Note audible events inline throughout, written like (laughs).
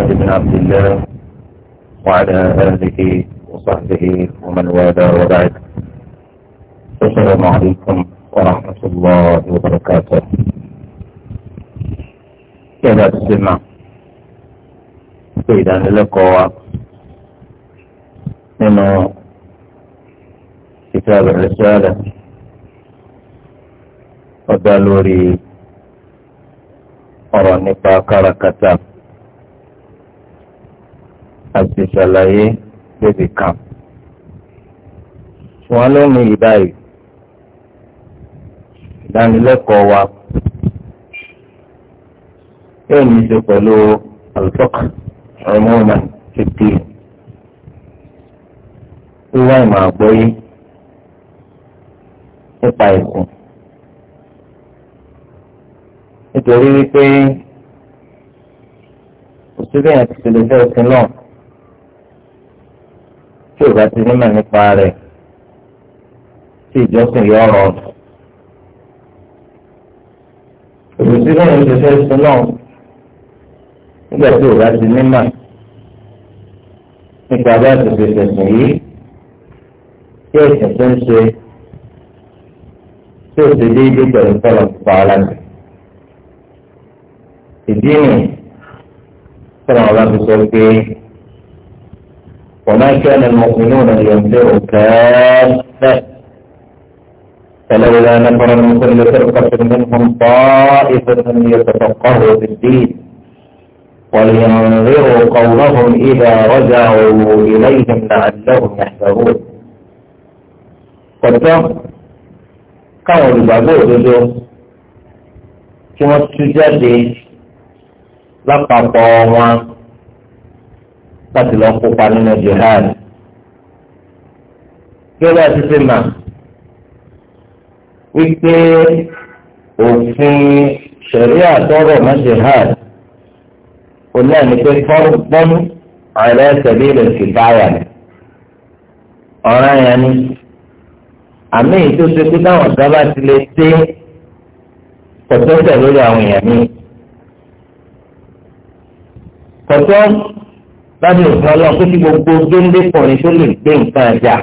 محمد بن عبد الله وعلى آله وصحبه ومن والاه وبعد السلام عليكم ورحمة الله وبركاته كما تسمع إذا نلقوا من كتاب الرسالة ودالوري ọ̀rọ̀ nípa kárakáta. àti ṣàlàyé débi kan. wọn ló ní ìbáyìí ìdánilẹ́kọ̀ọ́ wa yóò ní í ṣe pẹ̀lú àlùfọ́kà ọ̀rọ̀mọ́ọ̀mọ́ títí wíwá ìmọ̀ àgbọ́yé nípa ẹ̀sìn. nítorí wípé òṣèré àti ìṣẹ̀lẹ̀ fẹ́ òsín náà tí o bá ti nímọ̀ nípa rẹ̀ tí ìjọsìn yọ ọ̀rọ̀ òṣìṣẹ́ náà ń ṣiṣẹ́ sí náà nígbà tí o bá ti nímọ̀ nípa bá ti ṣẹ̀ṣẹ̀ sùn yìí tí ẹ̀sìn tó ń ṣe tí o ṣe déédéé pẹ̀lú tọ́lọ̀ pa ọ́ láti. ìdí nì tọ́lọ̀ ọ̀la fi sọ pé. وما كان المؤمنون لينفروا كافة فلولا نفر من كل فرقة منهم طائفة ليتفقهوا في الدين ولينظروا قولهم إذا رجعوا إليهم لعلهم يحذرون قدام كانوا olùgbàgbọ́ òdodo كما wọ́n لقطوا láti lọ kópa nínú jihad gẹ́gẹ́ àti ṣe mà wípé òfin ṣẹ̀ríà tọrọ mọ́ jihad oní ẹni pé fọ́nbọ́n ààrẹ tẹ̀lé rẹ̀ sì báyà ni ọ̀ràn yẹn ni àmì tó ṣe pé táwọn sábà ti lè dé pọ̀tọ́tẹ̀ lórí àwọn èèyàn mi pọ̀tọ́ lábẹ́ òfin ọlọ́run pé kí gbogbo géńdékùnrin tó lè gbé nǹkan ẹja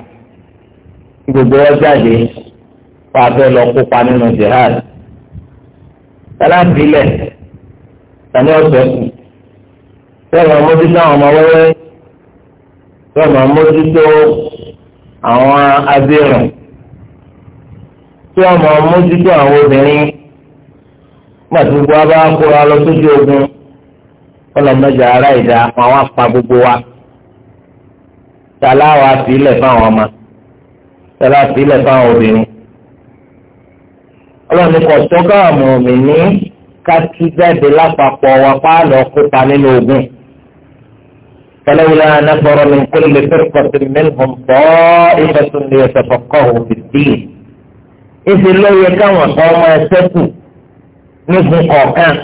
kí gbogbo wọn jáde wà bẹ́ lọ kópa nínú jihad tàlàbílẹ̀ tàní ọ̀sẹ̀ kù bẹ́ẹ̀ máa mójútó àwọn ọmọ wẹ́wẹ́ bẹ́ẹ̀ máa mójútó àwọn abirùn tí wọ́n máa mójútó àwọn obìnrin gbàtúgbò abá kóra lọ sójú ogun ọlọmọdé ara ìdá wọn wá pa gbogbo wa tàlá wa sílẹ̀ fáwọn ọmọ tàlá sílẹ̀ fáwọn obìnrin ọlọ́ni kò sọ́gà àmọ̀mí ní kákí jáde lápapọ̀ wa pààlọ́ kópa nínú ogun. فلولا نفر من كل فرقة منهم طائفة ليتفقهوا في الدين إذ لو يكون قوم يسكوا نفقوا كان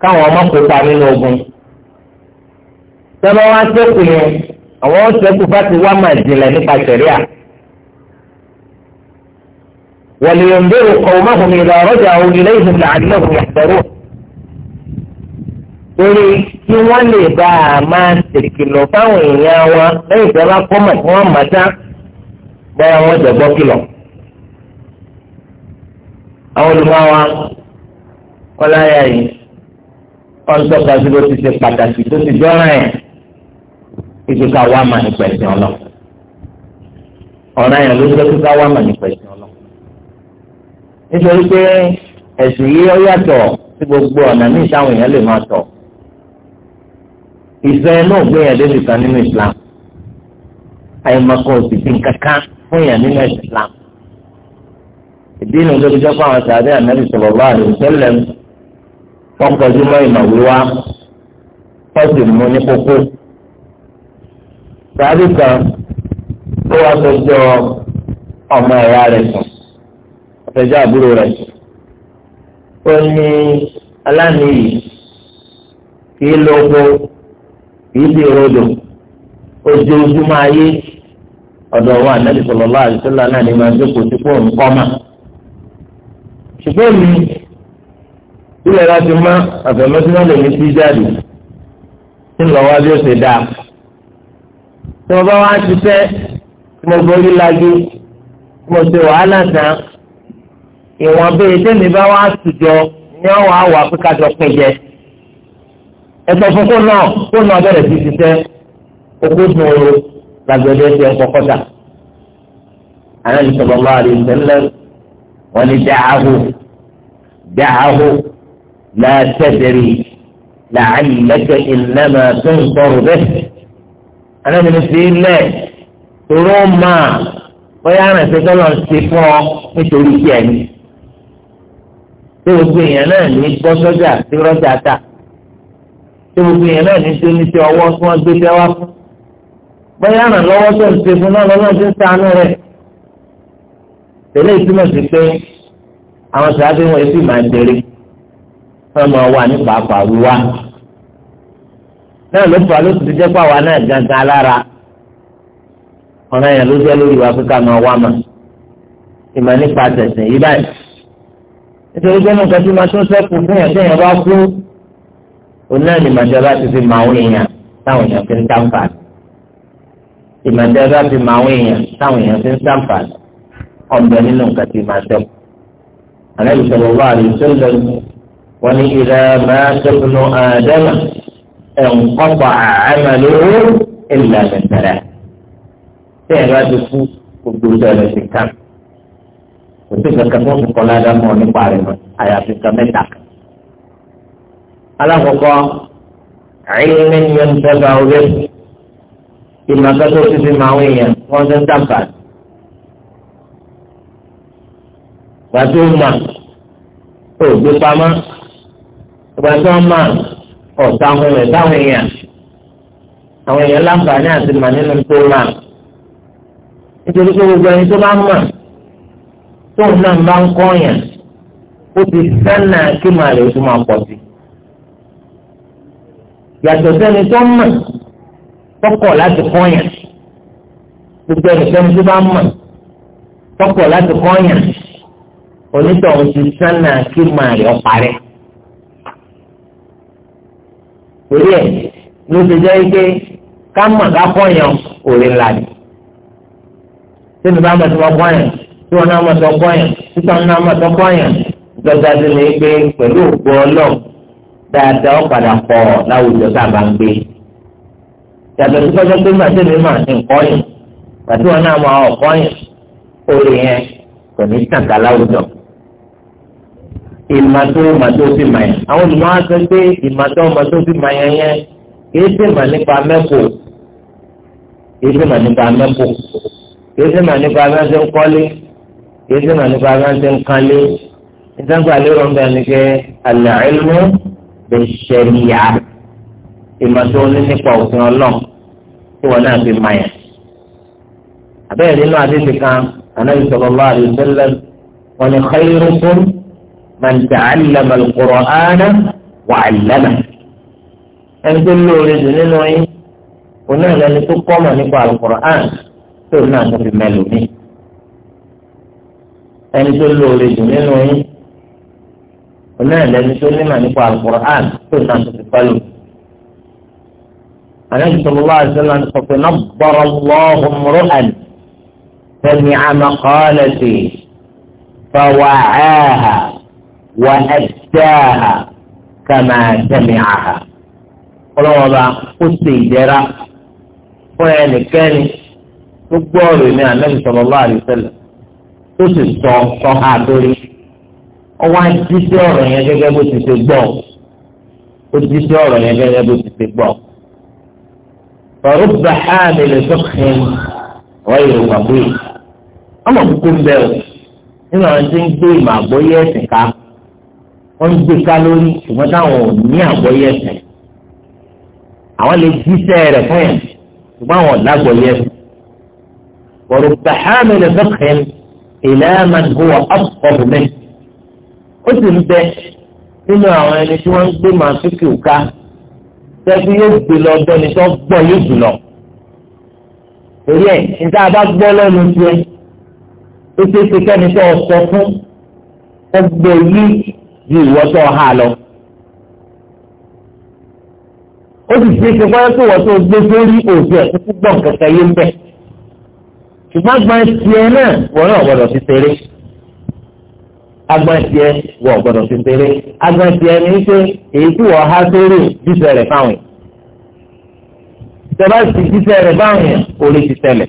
káwọn ọmọ kópa nínú ogun tẹ́lẹ̀ wá sẹ́kù yẹn àwọn sẹ́kù bá ti wá máa jìnlẹ̀ nípa sẹ̀ríà wọ̀lẹ̀yọ̀ndẹ̀rù kọ̀ọ̀mọ́hùn ìlà ọ̀rọ̀jà òun ilé ìhùn làálẹ́hùn yàtọ̀rọ̀ torí kí wọ́n lè bá a máa ṣèkìlọ̀ fáwọn èèyàn wọn lẹ́yìn tí wọ́n bá kọ́ mọ̀ kí wọ́n tán bẹ́ẹ̀ wọ́n jẹ̀ gbọ́ kìlọ̀. àwọn olùmọ̀ wa kọ́lá yà yìí ọ̀sọ́ gbajú ló ti ṣe pàtàkì tó ti dọ́ràn ẹ̀ kíkí ká wá mà nípa ẹ̀sìn ọlọ́ ọ̀ràn yẹn ló jẹ́ kíká wá mà nípa ẹ̀sìn ọlọ́ nítorí pé ẹ̀sìn yìí ó yàtọ̀ sí gbogbo ọ̀nà ní ìsáwọn èèyàn lè máa tọ̀ ìfẹ́ náà gbéyàn débi kan nínú Islam àyèmọ̀kọ òsì fi kankan fún yàn nínú Islam ìdí ìnù ló fi jẹ́ fún àwọn sàdé ànábì wọ́n kọjú mọ́ ìmọ̀ wíwá wọ́n sì mú ní kókó. sàbí kan ó wá sọjọ́ ọmọ ẹ̀yà rẹ̀ sùn ọ̀tẹ̀jọ́ àbúrò rẹ̀ ó ní aláníyì kì lóko kì í sì rodò ayé ọ̀dọ̀ wa ilẹ̀ la ti mọ àfẹ̀mẹ́sílẹ̀ lèmi ti jáde tí ń lọ wá bí ó ṣe dáa tí mo bá wá ṣiṣẹ́ tí mo borí lagi tí mo ṣe wàhálà tán ìwọ̀n bíi tẹ́mi bá wá sùjọ ní ọ̀wọ́ àwọ̀ àfikàjọ péjẹ ẹ̀sọ́ fún kó náà kó náà bẹ̀rẹ̀ sí ṣiṣẹ́ okó dùn oró làgbẹ̀dẹ̀ ṣe ń kọ́kọ́ dà àná ìṣọ̀bọ̀ máa rí ìṣẹ̀lẹ̀ wọn ni dáhàhó dáhàhó. لا تدري لعلك إنما تنظر به أنا من السبيل لا تروم ما bóyá rẹ̀ ṣe tọ́lọ̀ ń ṣe fún ọ nítorí tí ẹni tí gbogbo èèyàn náà ní gbọ́ sọ́jà sí rọ́jà tà tí gbogbo èèyàn náà ní dóní sí ọwọ́ tí wọ́n gbé tẹ́wá fún bóyá rẹ̀ lọ́wọ́ tó ń ṣe fún náà lọ́wọ́ tó ń ṣàánú rẹ̀ tẹ́lẹ̀ ìtumọ̀ sí pé àwọn sàábẹ̀ wọn èsì máa ń tẹ̀lé wọn máa wà ní pàápàá wíwá náà ló fà ló ti jẹ́ pàwọ́ náà gangan alára ọ̀ràn yẹn ló jẹ́ lórí wa pé ká máa wá mà ìmọ̀ nípa tẹ̀sìn yìí báyìí nítorí pé nǹkan tí máa tún sẹ́kù fún yẹn tẹ̀yìn bá kú òun náà ni màjọba ti fi màá èèyàn táwọn èèyàn fi ń tàǹfààní ìmọ̀jọba fi màá èèyàn táwọn èèyàn fi ń tàǹfààní ọ̀bẹ nínú nǹkan tí máa sẹ́kù àlẹ́ ìṣòro wà lóṣèlú wọ́n ní ìlà máa tẹ̀kùnú àdámà ẹ̀ǹkọ́pọ̀ àmàlẹ́wò ìlà mẹ́tẹ̀rẹ̀. tí ẹ̀rọ ti kú gbogbo ìṣẹ̀lẹ̀ ti kàn kò sí kankan tó ń kọ́ ládàmọ́ nípa rẹ̀ mọ́ àyàfi kan mẹ́ta. alákọ̀ọ́kọ́ àyìnlẹ́ ni yẹn ń tẹ́gbà orí ìmọ̀kẹ́tọ́ títí máa ń yẹn wọ́n ti ń dàgbà. gbàtó ó gbé pamọ́ ìgbà tí wọ́n máa ọ̀tá àwọn èèyàn táwọn èèyàn àwọn èèyàn láǹfààní àti mà nínú tó máa nítorí pé gbogbo ẹni tó bá mà tóun náà bá ń kọ́ yàn ó ti sánà kí màá rè ó tún máa pọ̀ sí i yàtọ̀ sẹ́ni tó mọ̀ tọkọ̀ láti kọ́yàn gbogbo ẹnikẹ́ni tó bá mọ̀ tọkọ̀ láti kọ́yàn onítọ̀hún ti sánà kí màá rí ọ̀parẹ́ torí ẹ̀ ló ṣe jẹ́ pé ká mọ̀ ká kọ́yàn òrè ńlá ni sínú bá mọ̀ tó kọ́yàn tí wọn náà mọ̀ tó kọ́yàn títọ́ náà mọ̀ tó kọ́yàn dọ́gba sí ni pé pẹ̀lú ògbó ọlọ́ọ̀ dáadáa ó padà pọ̀ láwùjọ tá a bá ń gbé yàtọ̀ sí kọ́jọ́ pé màtí mi mà ní kọ́yàn pàtí wọn náà mọ̀ ọ̀ òrè yẹn kò ní tàǹkà láwùjọ ìmàtó màtó sí mà yẹn àwọn olùmọ̀ á sọ pé ìmàtó màtó sí mà yẹn yẹn kìí sì mà nípa mẹ́kò kìí sì mà nípa mẹ́kò kìí sì mà nípa mẹ́sẹ̀ ńkọ́lé kìí sì mà nípa mẹ́sẹ̀ ńkálé ìtàgbà lérò ń bẹ̀ ni pé àlẹ́ ìlú lè ṣẹ̀yà ìmàtó ní nípa òfin ọlọ́ọ̀ tí wọ́n náà fi mà yẹn àbẹ́rẹ́ nínú àdéhùn kan ànábì sallallahu alaihi wasallam wọn ni khairukum. من تعلم القرآن وعلمه أن كل رجل نوعي هنا لن تقوم القرآن تقوم في الملوني أن كل رجل نوعي هنا لن تقوم القرآن تقوم في الملوني أن صلى الله عليه وسلم فتنبر الله امرؤا سمع مقالتي فوعاها wà ẹ̀dáhà kàmá sẹ́mi àhà. ọlọ́wọ́n bá ó ṣe ìdẹ́ra fún ẹnikẹ́ni tó gbọ́ ọ̀rọ̀ ní Ànábì sallallahu alaihi wasallam tó sì sọ sọ́ha lórí. ọwọ́ àjíṣe ọ̀rọ̀ yẹn gẹ́gẹ́ bó ti ṣe gbọ́ ó jíṣe ọ̀rọ̀ yẹn gẹ́gẹ́ bó ti ṣe gbọ́. فرب حامل فقه غير قوي ọmọ kúkú ń bẹ o nínú àwọn tí ń gbé ìmọ̀ àgbóyé ẹ̀sìn ká wọ́n ń gbé kálórì ṣùgbọ́n táwọn ò ní àgbọ́yé ẹ̀sìn àwọn lè jíṣẹ́ rẹ̀ fún yẹn ṣùgbọ́n àwọn ò lágbọ́yé ẹ̀sìn. ورب حامل فقه إلى من هو أفقه منه ó sì ń bẹ nínú àwọn ẹni tí wọ́n ń gbé màá sókè òka tẹ́bí yóò gbé lọ ọdọ́ni tó gbọ́ yóò jùlọ. torí ẹ̀ níta bá gbọ́ lẹ́nu tiẹ̀ ó ṣeé ju ìwọ́tọ̀ ha lọ. ó sì ṣe é ṣe pé kó wọ́tọ̀ gbé sórí òsì ẹ̀kúkú gbọ̀n kẹ̀kẹ́ yé ń bẹ̀. ṣùgbọ́n agbọ̀n tiẹ̀ náà wọ́n náà gbọ́dọ̀ fi ṣeré. agbọ̀n tiẹ̀ wọ́n gbọ́dọ̀ fi ṣeré. agbọ̀n tiẹ̀ ní pé èyí tí wọ́n há sórí jíṣẹ́ rẹ̀ fáwọn yìí. tẹ́lá jíṣẹ́ rẹ̀ fáwọn yìí lè ti tẹ̀lẹ̀.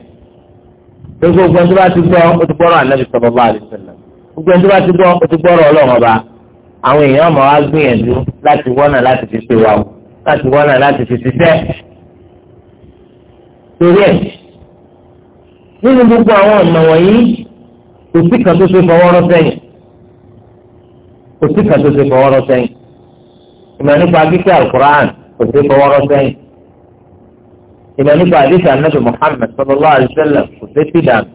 gbogbo gbọ́n tó bá ti gbọ́ àwọn èèyàn máa wá gbìyànjú láti wọ́nà láti fi ṣe wa láti wọ́nà láti fi ṣiṣẹ́ torí ẹ̀ nínú gbogbo àwọn ọ̀nà wọ̀nyí kò sí kan tó ṣe fọwọ́rọ́ sẹ́yìn kò sí kan tó ṣe fọwọ́rọ́ sẹ́yìn ìmọ̀ nípa kíkẹ́ alukur'an kò sí fọwọ́rọ́ sẹ́yìn ìmọ̀ nípa àdìsí anabi muhammed sallallahu alayhi wa sallam kò sí fìdánù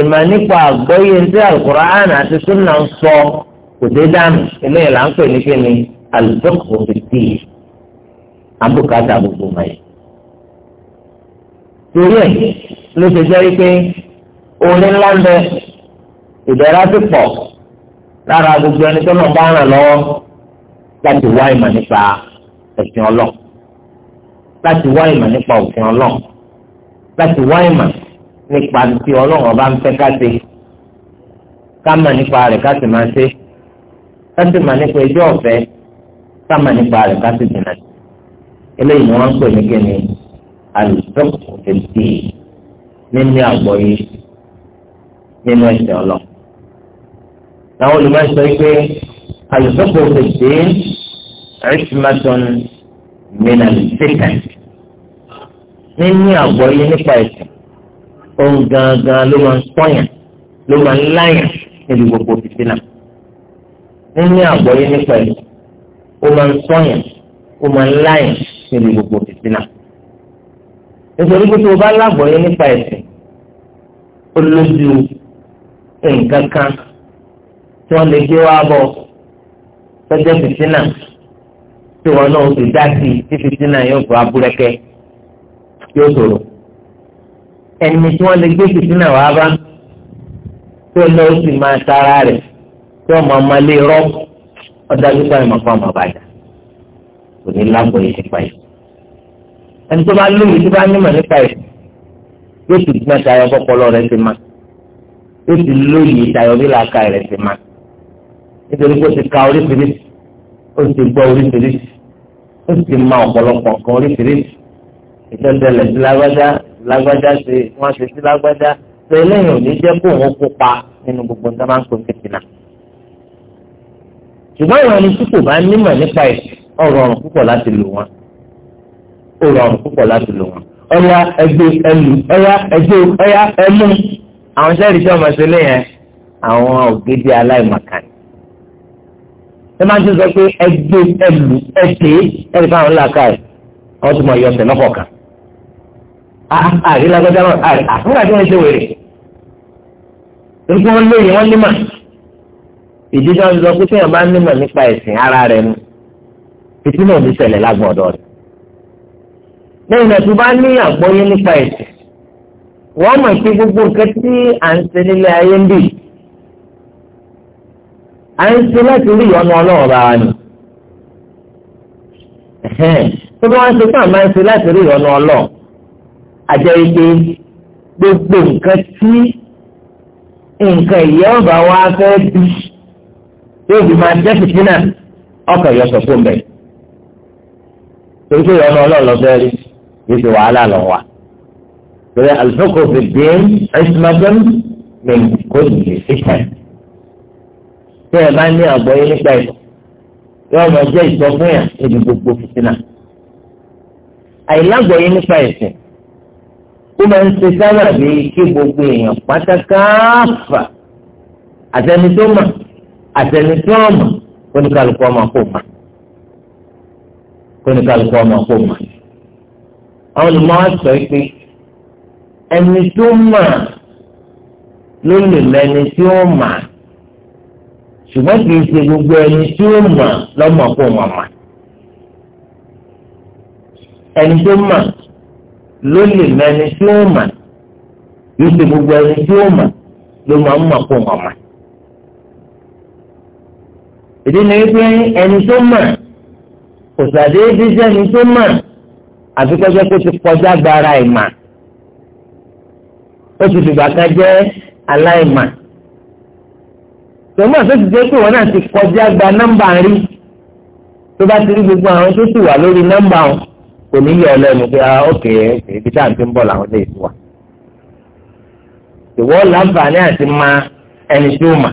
ìmọ̀ nípa àgbọ́yé ní alukur'an àti sunna ń sọ kò dé dànù eléyìí là ń pè ní kíni alùpùpù fìdí àbùkátà gbogbo mayẹ. torí ẹ̀ ló ṣe jẹ́ pé orin ńlá ń bẹ ìdẹ̀ra ti pọ̀ lára gbogbo ẹni tó náà bá ràn lọ́wọ́ láti wá ìmọ̀ nípa ẹ̀sìn ọlọ́ọ̀ láti wá ìmọ̀ nípa òfin ọlọ́ọ̀ láti wá ìmọ̀ nípa ti ọlọ́ọ̀ ọba ń fẹ́ ká ṣe ká mọ̀ nípa rẹ̀ ká sì máa ṣe kásì mà nípa ẹjọ́ ọ̀fẹ́ sáàmà nípa rẹ̀ kásì jìnnà eléyìí ni wọ́n ń pè ní kíni alùpùpù ètè nínú àgbọ̀yé nínú ẹ̀sẹ̀ ọlọ. Àwọn olùmọ̀sọ pé alùpùpù ètè ẹ̀ṣinmátọ́n mìíràn ṣèkàn nínú àgbọ̀yé nípa ẹ̀sẹ̀ ohun gangan ló máa ń pọ̀yàn ló máa ń láyàn níbi gbogbo fìtínà níní àgbọ́yé nípa ẹ̀ ó máa ń sọ̀yàn ó máa ń láyàn níbi gbogbo fìtínà. nítorí pé tó o bá lágbọ́yé nípa ẹ̀sìn ó lójú nǹkan kan tí wọ́n lè gbé wá bọ̀ tọ́jọ́ fìtínà tí wọn náà ti dá sí tí fìtínà yóò fọ abúrẹ́kẹ́ yóò sọ̀rọ̀ ẹni tí wọ́n lè gbé fìtínà wá bá tó lọ́ọ́ sì máa tara rẹ̀ tí ọmọ ọmọ ilé rọ ọdájú pa ìmọ̀ fún ọmọ bàjá kò ní lágbo yìí nípa yìí ẹni tó bá lóyún tó bá nímọ̀ nípa yìí yóò ti gbọ́n tayọ bọ́pọlọ rẹ ti ma yóò ti lóyún tayọ nílàáka rẹ ti ma nítorí pé ó ti ka oríṣiríṣi ó ti gbọ́ oríṣiríṣi ó ti ma ọ̀pọ̀lọpọ̀ kan oríṣiríṣi ìtọ́jọlẹ̀ sí lágbájá lágbájá ṣe wọ́n ṣe sí lágbájá ṣe eléyìí ò ní jẹ́ kó òun kópa nínú gbogbo nǹkan máa ń pè fìtìnà ṣùgbọ́n àwọn ẹni tí kò bá nímọ̀ nípa ẹ̀ ó rọrùn púpọ̀ láti lò wọn ó rọrùn púpọ̀ láti lò wọn ọ̀yà ẹgbẹ́ ẹlù ọ̀yà ẹgbẹ́ ọ̀yà ẹmú àwọn sẹ́ẹ̀rì tí wọ́n máa ṣe léyìn àwọn ògidì aláìmọ̀kànnì ẹ máa ń tún sọ pé ẹgbẹ́ ẹlù ẹ̀tẹ́ ẹ̀rí fáwọn làákà ẹ̀ wọ́n tún máa yọ ọ̀sẹ̀ lọ́kọ̀ọ̀kan ah, ah, àrí lágbájá náà àfúnà tí wọ́n ṣe wèrè torí pé wọ́n léyìn wọ́n ní mà ìdíjọ́ ń sọ pé téèyàn bá nímọ̀ nípa ẹ̀sìn ara rẹ̀ nu ìtumọ̀ ní ṣẹlẹ̀ lágbọ̀dọ̀ rẹ̀ lẹ́yìn náà tó bá ní àgbọ́yé nípa ẹ̀sìn wọ́n mọ̀ pé gbogbo nǹkan tí à ń ṣe nílé ayé ń bì à ń ṣe láti rí ìyọnu ọlọ́run bá wa ni tó bá wá ṣe fún àmà ń ṣe láti rí ìyọnu ọlọ́run àjẹ́ ike gbogbo nǹkan tí nǹkan ìyá ọba wa fẹ́ bí yóò fi máa jẹ́ fìtínà ọkọ̀ yọ̀sọ̀ fún bẹ́ẹ̀. torí pé ọmọ ọlọ́ọ̀lọ́ fẹ́ rí yìí ṣe wàhálà lọ wa. torí àlùfẹ́kọ̀ọ́ fi dín ẹ̀sìnmọ́gbọ́n mi kò yìí ṣiṣẹ́. tí ẹ bá ní àgbọ̀yé nípa ẹ̀ yóò máa jẹ́ ìsọfúnyà níbi gbogbo fìtínà. àìlágbọ̀yé nípa ẹ̀sìn ó máa ń ṣe sábà bíi kí gbogbo èèyàn pátákáfà àtẹnudọ́mà àtẹnitọ́ọ̀mù kóníkàlùkù ọmọ kò mà kóníkàlùkù ọmọ kò mà àwọn olùmọ̀ àṣọ ìpè ẹni tó mà ló lè lẹni tí ó mà ṣùgbọ́n kì í ṣe gbogbo ẹni tí ó mà lọ́mọ kò mà mà ẹni tó mà ló lè lẹni tí ó mà kì í ṣe gbogbo ẹni tí ó mà ló máa ń kò mà mà ìdí ni wípé ẹni tó mọ̀ kò sàdéédé jẹ́ ẹni tó mọ̀ àfi kọjá tó ti kọjá gbára ìmà ó ti fìgbà kan jẹ́ aláìmà tòmọ́ tó ti jẹ́ pé wọ́n náà ti kọjá gba nọ́mbà rí tó bá ti rí gbogbo àwọn tó sì wà lórí nọ́mbà wọn kò ní yọ ọlẹ́nu pé ah ókè ibi tá à ń fi ń bọ̀ làwọn lè ti wà ìwọ́ làǹfààní àti ma ẹni tó mà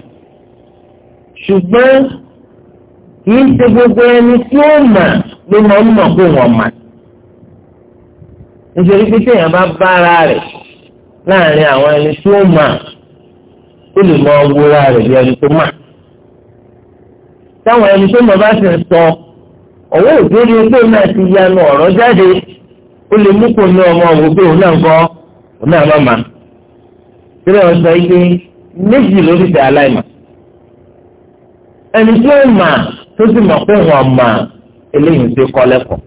ṣùgbọ́n kìí ṣe gbogbo ẹni tí ó mọ̀ ló mọ̀ ń mọ̀ kó wọ́n mọ̀. nítorí pé téèyàn bá bára rẹ̀ láàrin àwọn ẹni tí ó mọ̀ ó lè mọ wúra rẹ̀ bí ẹni tó mọ̀. táwọn ẹni tó mọ̀ bá sì ń sọ ọ̀wọ́ òjòrí pé náà ti yanu ọ̀rọ̀ jáde ó lè mú kó ní ọmọ òwò pé òun náà ń kọ́ òun náà má ma. sílẹ̀ ọ̀sán yìí méjì lórí ti aláìmọ̀. ẹni tí ó mọ̀ tó sì mọ̀ pé wọ́n mọ eléyìí ṣe kọ́ lẹ́kọ̀ọ́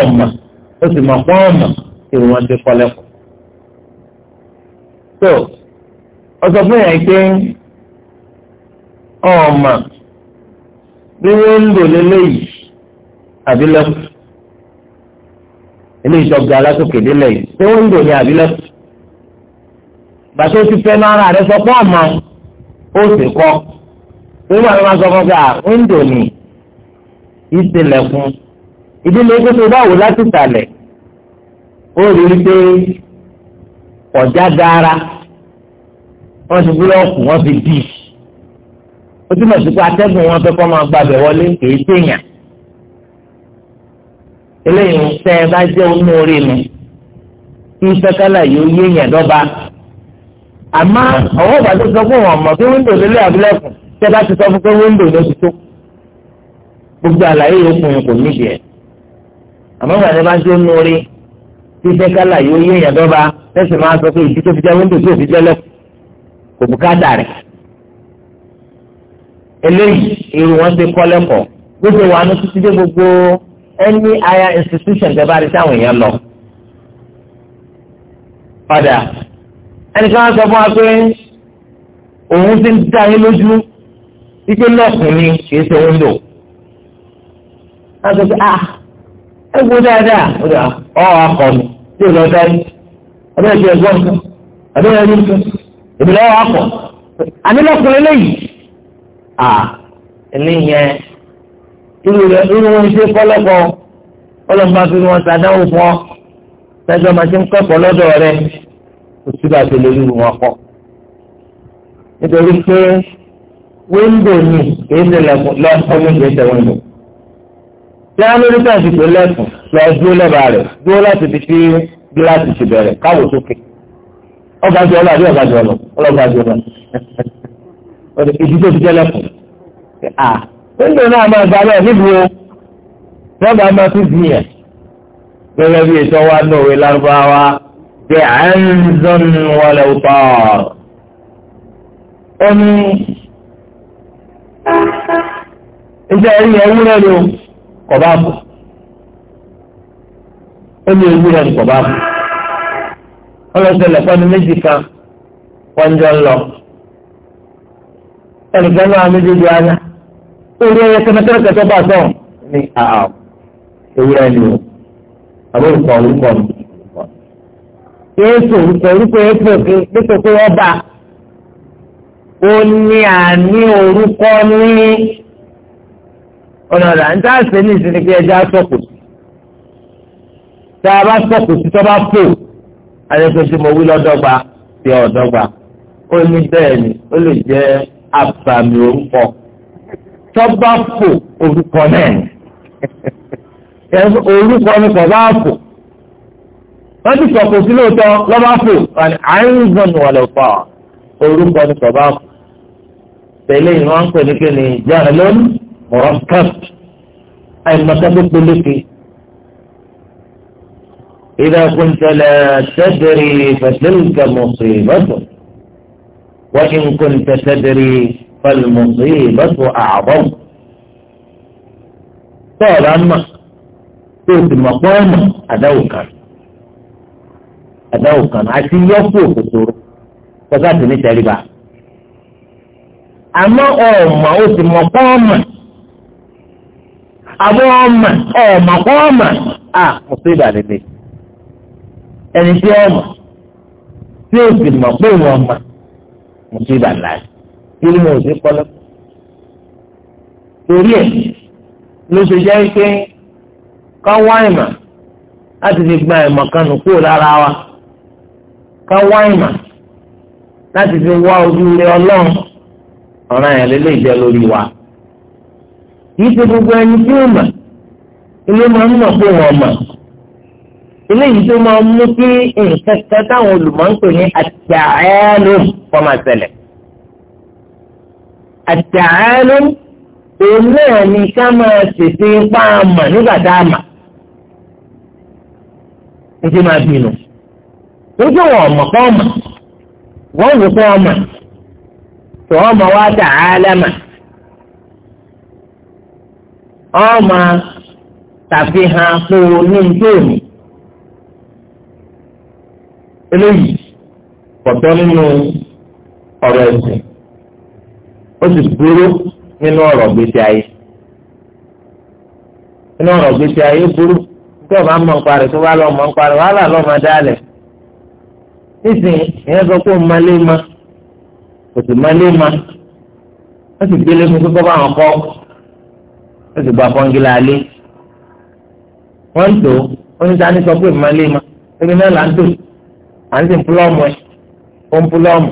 ọ̀mà ó sì mọ̀ pé ọ̀mà tí wọ́n ṣe kọ́ lẹ́kọ̀ọ́. tó ọsọ fún yẹn pé ọ̀mà bí wọ́n ń lò lélẹ́yìí àbí lẹ́kọ̀ọ́ eléyìí tó ga alásòkè délẹ̀ yìí tí wọ́n ń lò ní àbí bàtà ó ti fẹ́ náírà rẹ sọ pé ọ̀mà ó sì kọ́ nígbà tó máa sọ fún gbà wíńdò ni ìtìlẹ̀kùn ìdílé kó tó bá wò láti tàlẹ̀ ó rí i pé ọ̀já dára wọ́n ti búlọ́ọ̀kù wọ́n fi dì í ó túmọ̀ sí pé atẹ́gùn wọn fẹ́ kọ́ máa gbàbẹ̀ wọlé kìí téèyàn eléyìí ń tẹ́ ẹ bá jẹ́ onúure mi kí sẹ́kálà yóò yéèyàn dọ́ba àmọ́ ọwọ́ ìbàdàn sọ fún wọn mọ̀ pé wíńdò lélẹ̀ àbúlẹ̀kùn tẹ́ bá ti sọ fún pé wíńdò ló ti tó gbogbo àlàyé yòókù yẹn kò níbi ẹ̀ àmọ́ ìgbà tí a bá ń tó nù rí tí sẹ́kálà yóò yé èèyàn dọ́ba tẹ́sí máa sọ pé ìdí tó fi jẹ́ wíńdò tó fi jẹ́ lẹ́kù kò bùkátà rẹ̀ eléyìí irú wọn ti kọ́ lẹ́kọ̀ọ́ gbogbo wa ní títí dé gbogbo any higher institution tẹ́ bá rí sáwọn èèyàn lọ. padà ẹnìkan sọ fún wa pé òun ti ń dá yín lójú ike lọ́ọ̀kùn ni kìí ṣe wíńdò. Aṣọ pé ah ẹ wo dáadáa ọ akọ mi tí o lọ dání abẹ́rẹ́ ti ẹ̀gbọ́n nǹkan abẹ́rẹ́ ẹni nǹkan èmi lọ́wọ́ akọ. Àní lọ́kùnrin léyìí ah ẹni yẹn irú rẹ irú wọn ṣe kọ́lọ́kọ́ ọlọ́mọba fi wọn ṣàdánwò fún ọ sẹ́jọ́ máa ṣe ń kẹ́kọ̀ọ́ lọ́dọ̀ rẹ òṣìbàṣẹ́ lórí wọn kọ́ nítorí pé wíńdò ni kìí ṣe lẹ́kùn lọ́kùn mi kìí ṣe wíńdò. tí amẹ́ríkà ti pè lẹ́kùn lọ dúró lẹ́bàá rẹ̀ dúró láti fi sí gíláàsì ti bẹ̀rẹ̀ káwọ́ sókè. ọba jọ ọlọ àbí ọba jọ ọlọ ọlọba jọ ọlọ (laughs) ọdẹ ìdí tó ti jẹlẹkùn à wíńdò náà máa gba bẹ́ẹ̀ níbi o lọ́ba máa fi bí yẹn gẹ́gẹ́ bí ètò wa ní òwe lárúbáwá bẹ́ẹ̀ à ń zọ́nù wọlé ó Iṣẹ́ ẹ̀rí ewúrẹ́ ni o kò bá bù. Ó ní ewúrẹ́ ni kò bá bù. Ọlọ́sẹ̀lẹ̀ pẹ́ni méjì kan wọ́n jọ ń lọ. Ẹnìkan náà méjèèjì ara. Orí ẹyẹ kẹ́tẹ́kẹ́tẹ́ tó bá sọ̀ ní àá ewúrẹ́ ni o. Àbúrò kọ̀ orúkọ mi. Yéésù orúkọ orúkọ yéésù òkè dípò pé wọ́n bá ó ní àní orúkọ ní ọ̀nà ọ̀dà níta ṣe ní ìsinmi pé ẹja sọ̀kù tá a bá sọ̀kù sí tó bá fò àdékòsí mo wí lọ́dọ́gba sí ọ̀dọ́gba ó ní bẹ́ẹ̀ ni ó lè jẹ́ àbàmì orúkọ tó bá fò orúkọ náà ni orúkọ ni kò bá fò wọ́n ti sọ̀kù sí lóòótọ́ lọ́ba fò àìsàn wọlé fà orúkọ ni kò bá fò. tẹ̀lé yìí wọ́n ń pè ní kí ni jahlun murakkab àìmọ̀tá tó peléke. إذا كنت لا تدري فتلك مصيبة وإن كنت تدري فالمصيبة أعظم قال أما تؤتي مقام أدوكا أدوكا عشية فوق الدور فذات نتعلي بعد àmọ́ ọ̀mà ó sì mọ̀ kọ́ ọ̀mà àmọ́ ọ̀mà ọ̀mà kọ́ ọ̀mà à mo fi ìdàlẹ́lẹ́ ẹni tí ọ̀mà tí ó sì mọ̀ pé ìwọ̀n ọ̀mà mo fi ìdàlẹ́ kí ni mo sì kọ́ lọ́kọ́ torí ẹ̀ ló ṣe jẹ́ pé ká wá ìmọ̀ láti fi gba ìmọ̀ kan nù kúrò lára wa ká wá ìmọ̀ láti fi wá ojú ọlọ́run ọ̀ràn yẹn lélẹ́ ìjẹ́ lórí wa yìí ti gbogbo ẹni tí ó mà ilé máa ń mọ̀ pé wọ́n mà ilé yìí tó máa mú kí nǹkan kan táwọn olùmọ̀ǹpẹ̀ ní àtàlù kọ́ àtàlù òun náà ni ká máa ṣèṣe ipá mà nígbà tá a mà ní ti máa bínú ojú wọn ọmọ kọ́ mà wọ́n rò pé ọmọ tó ọmọ wa dà á lẹ́mà ọmọ tàbí hàn pé o ní ìgbéòmù eléyìí pọ̀tọ́ nínú ọ̀rọ̀ ẹ̀sìn ó sì dúró nínú ọ̀rọ̀ gbèsè ayé nínú ọ̀rọ̀ gbèsè ayé burú tí ọba ń mọ nǹkan tó bá lọ mọ nǹkan wàhálà lọ máa dálẹ̀ nísìnyí ìyẹn sọ pé òun máa lé máa òtù mọ́lé ma wọ́n sì gbélé fún pé kọ́ba àwọn kọ́ wọ́n sì gba kọ́ńgílà alẹ́ wọ́n ń tò ó ní sani sọ pé mọ́lé ma ebi náà là ń tò à ń sì ń púlọ́ọ̀mù ẹ̀ ó ń púlọ́ọ̀mù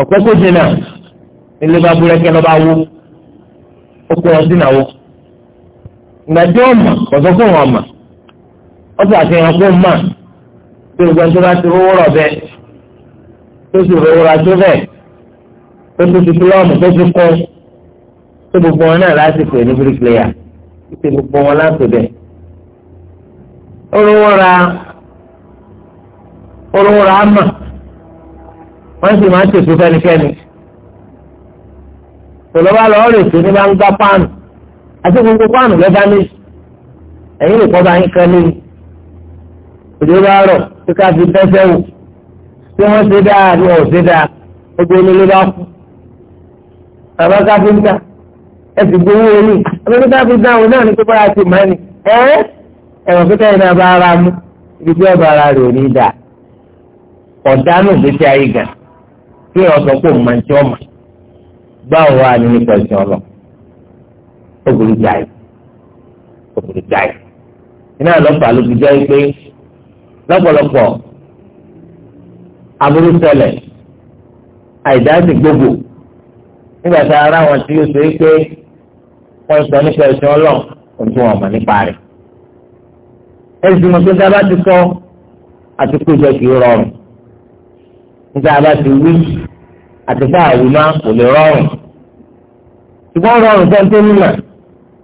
ọ̀pẹ́ kò dín náà ilé bá búrẹ́kẹ́ lọ́ba wó ó kó wọn dín náà wó ìgbà tí wọ́n fún wọn mọ̀ ó àfihàn fún mọ̀ tí gbogbo tó bá ti rówó rọ̀ bẹ́ẹ̀ tó sì rówó ra tó bẹ́ẹ̀ tó tún ti fúlọ́ọ̀mù tó tún kọ́ tó gbogbo wọn náà lásìkò ní bíríkìlẹ́yà títí gbogbo wọn láti bẹ̀. olówó ra olówó ra ama wọ́n sì máa ń tètè fẹ́nikẹ́ni tòlọ́bà lọ́ọ́ lè tó ní bá ń gbá páànù àti gbogbo páànù lọ́ba ní ẹ̀yìn lè kọ́ bá yín kan lóyún òjò bá rọ̀ kíkà fi tẹ́sẹ̀ wò tí wọ́n ṣe dáa ni wọ́n ṣe dáa gbogbo onílé bá kú bàbá káfíńtà ẹ sì gbowó orí abẹ́rẹ́ káfíńtà òun náà ní pípa àti mọ́ni ẹ ẹ̀wọ̀n pípa yìí náà bá ara mú ibi tí ọba ara rẹ̀ ò ní dà ọ̀dánù gbèsè ayé gan kí ọ̀sán kò mọ̀ ní tí ọmọ báwo wà ní nípa ìsìn ọlọ́ọ̀ obìnrin jà yìí obìnrin jà yìí iná lọ́pàá ló fi jẹ́ pé lọ́pọ̀lọpọ̀ aburú ṣẹlẹ̀ àìdáàsì gbogbo nígbà tá a rá wọn tí yóò ṣe é pé wọ́n sọ nípa ẹ̀sìn ọlọ́run ohun tí wọ́n mọ̀ nípa rẹ̀. ẹ̀sìn mọ̀ tó dábàá ti sọ àti péjọ kì í rọrùn níta bá ti wí àti bá àwí máa kò lè rọrùn ṣùgbọ́n rọrùn fún tó nímọ̀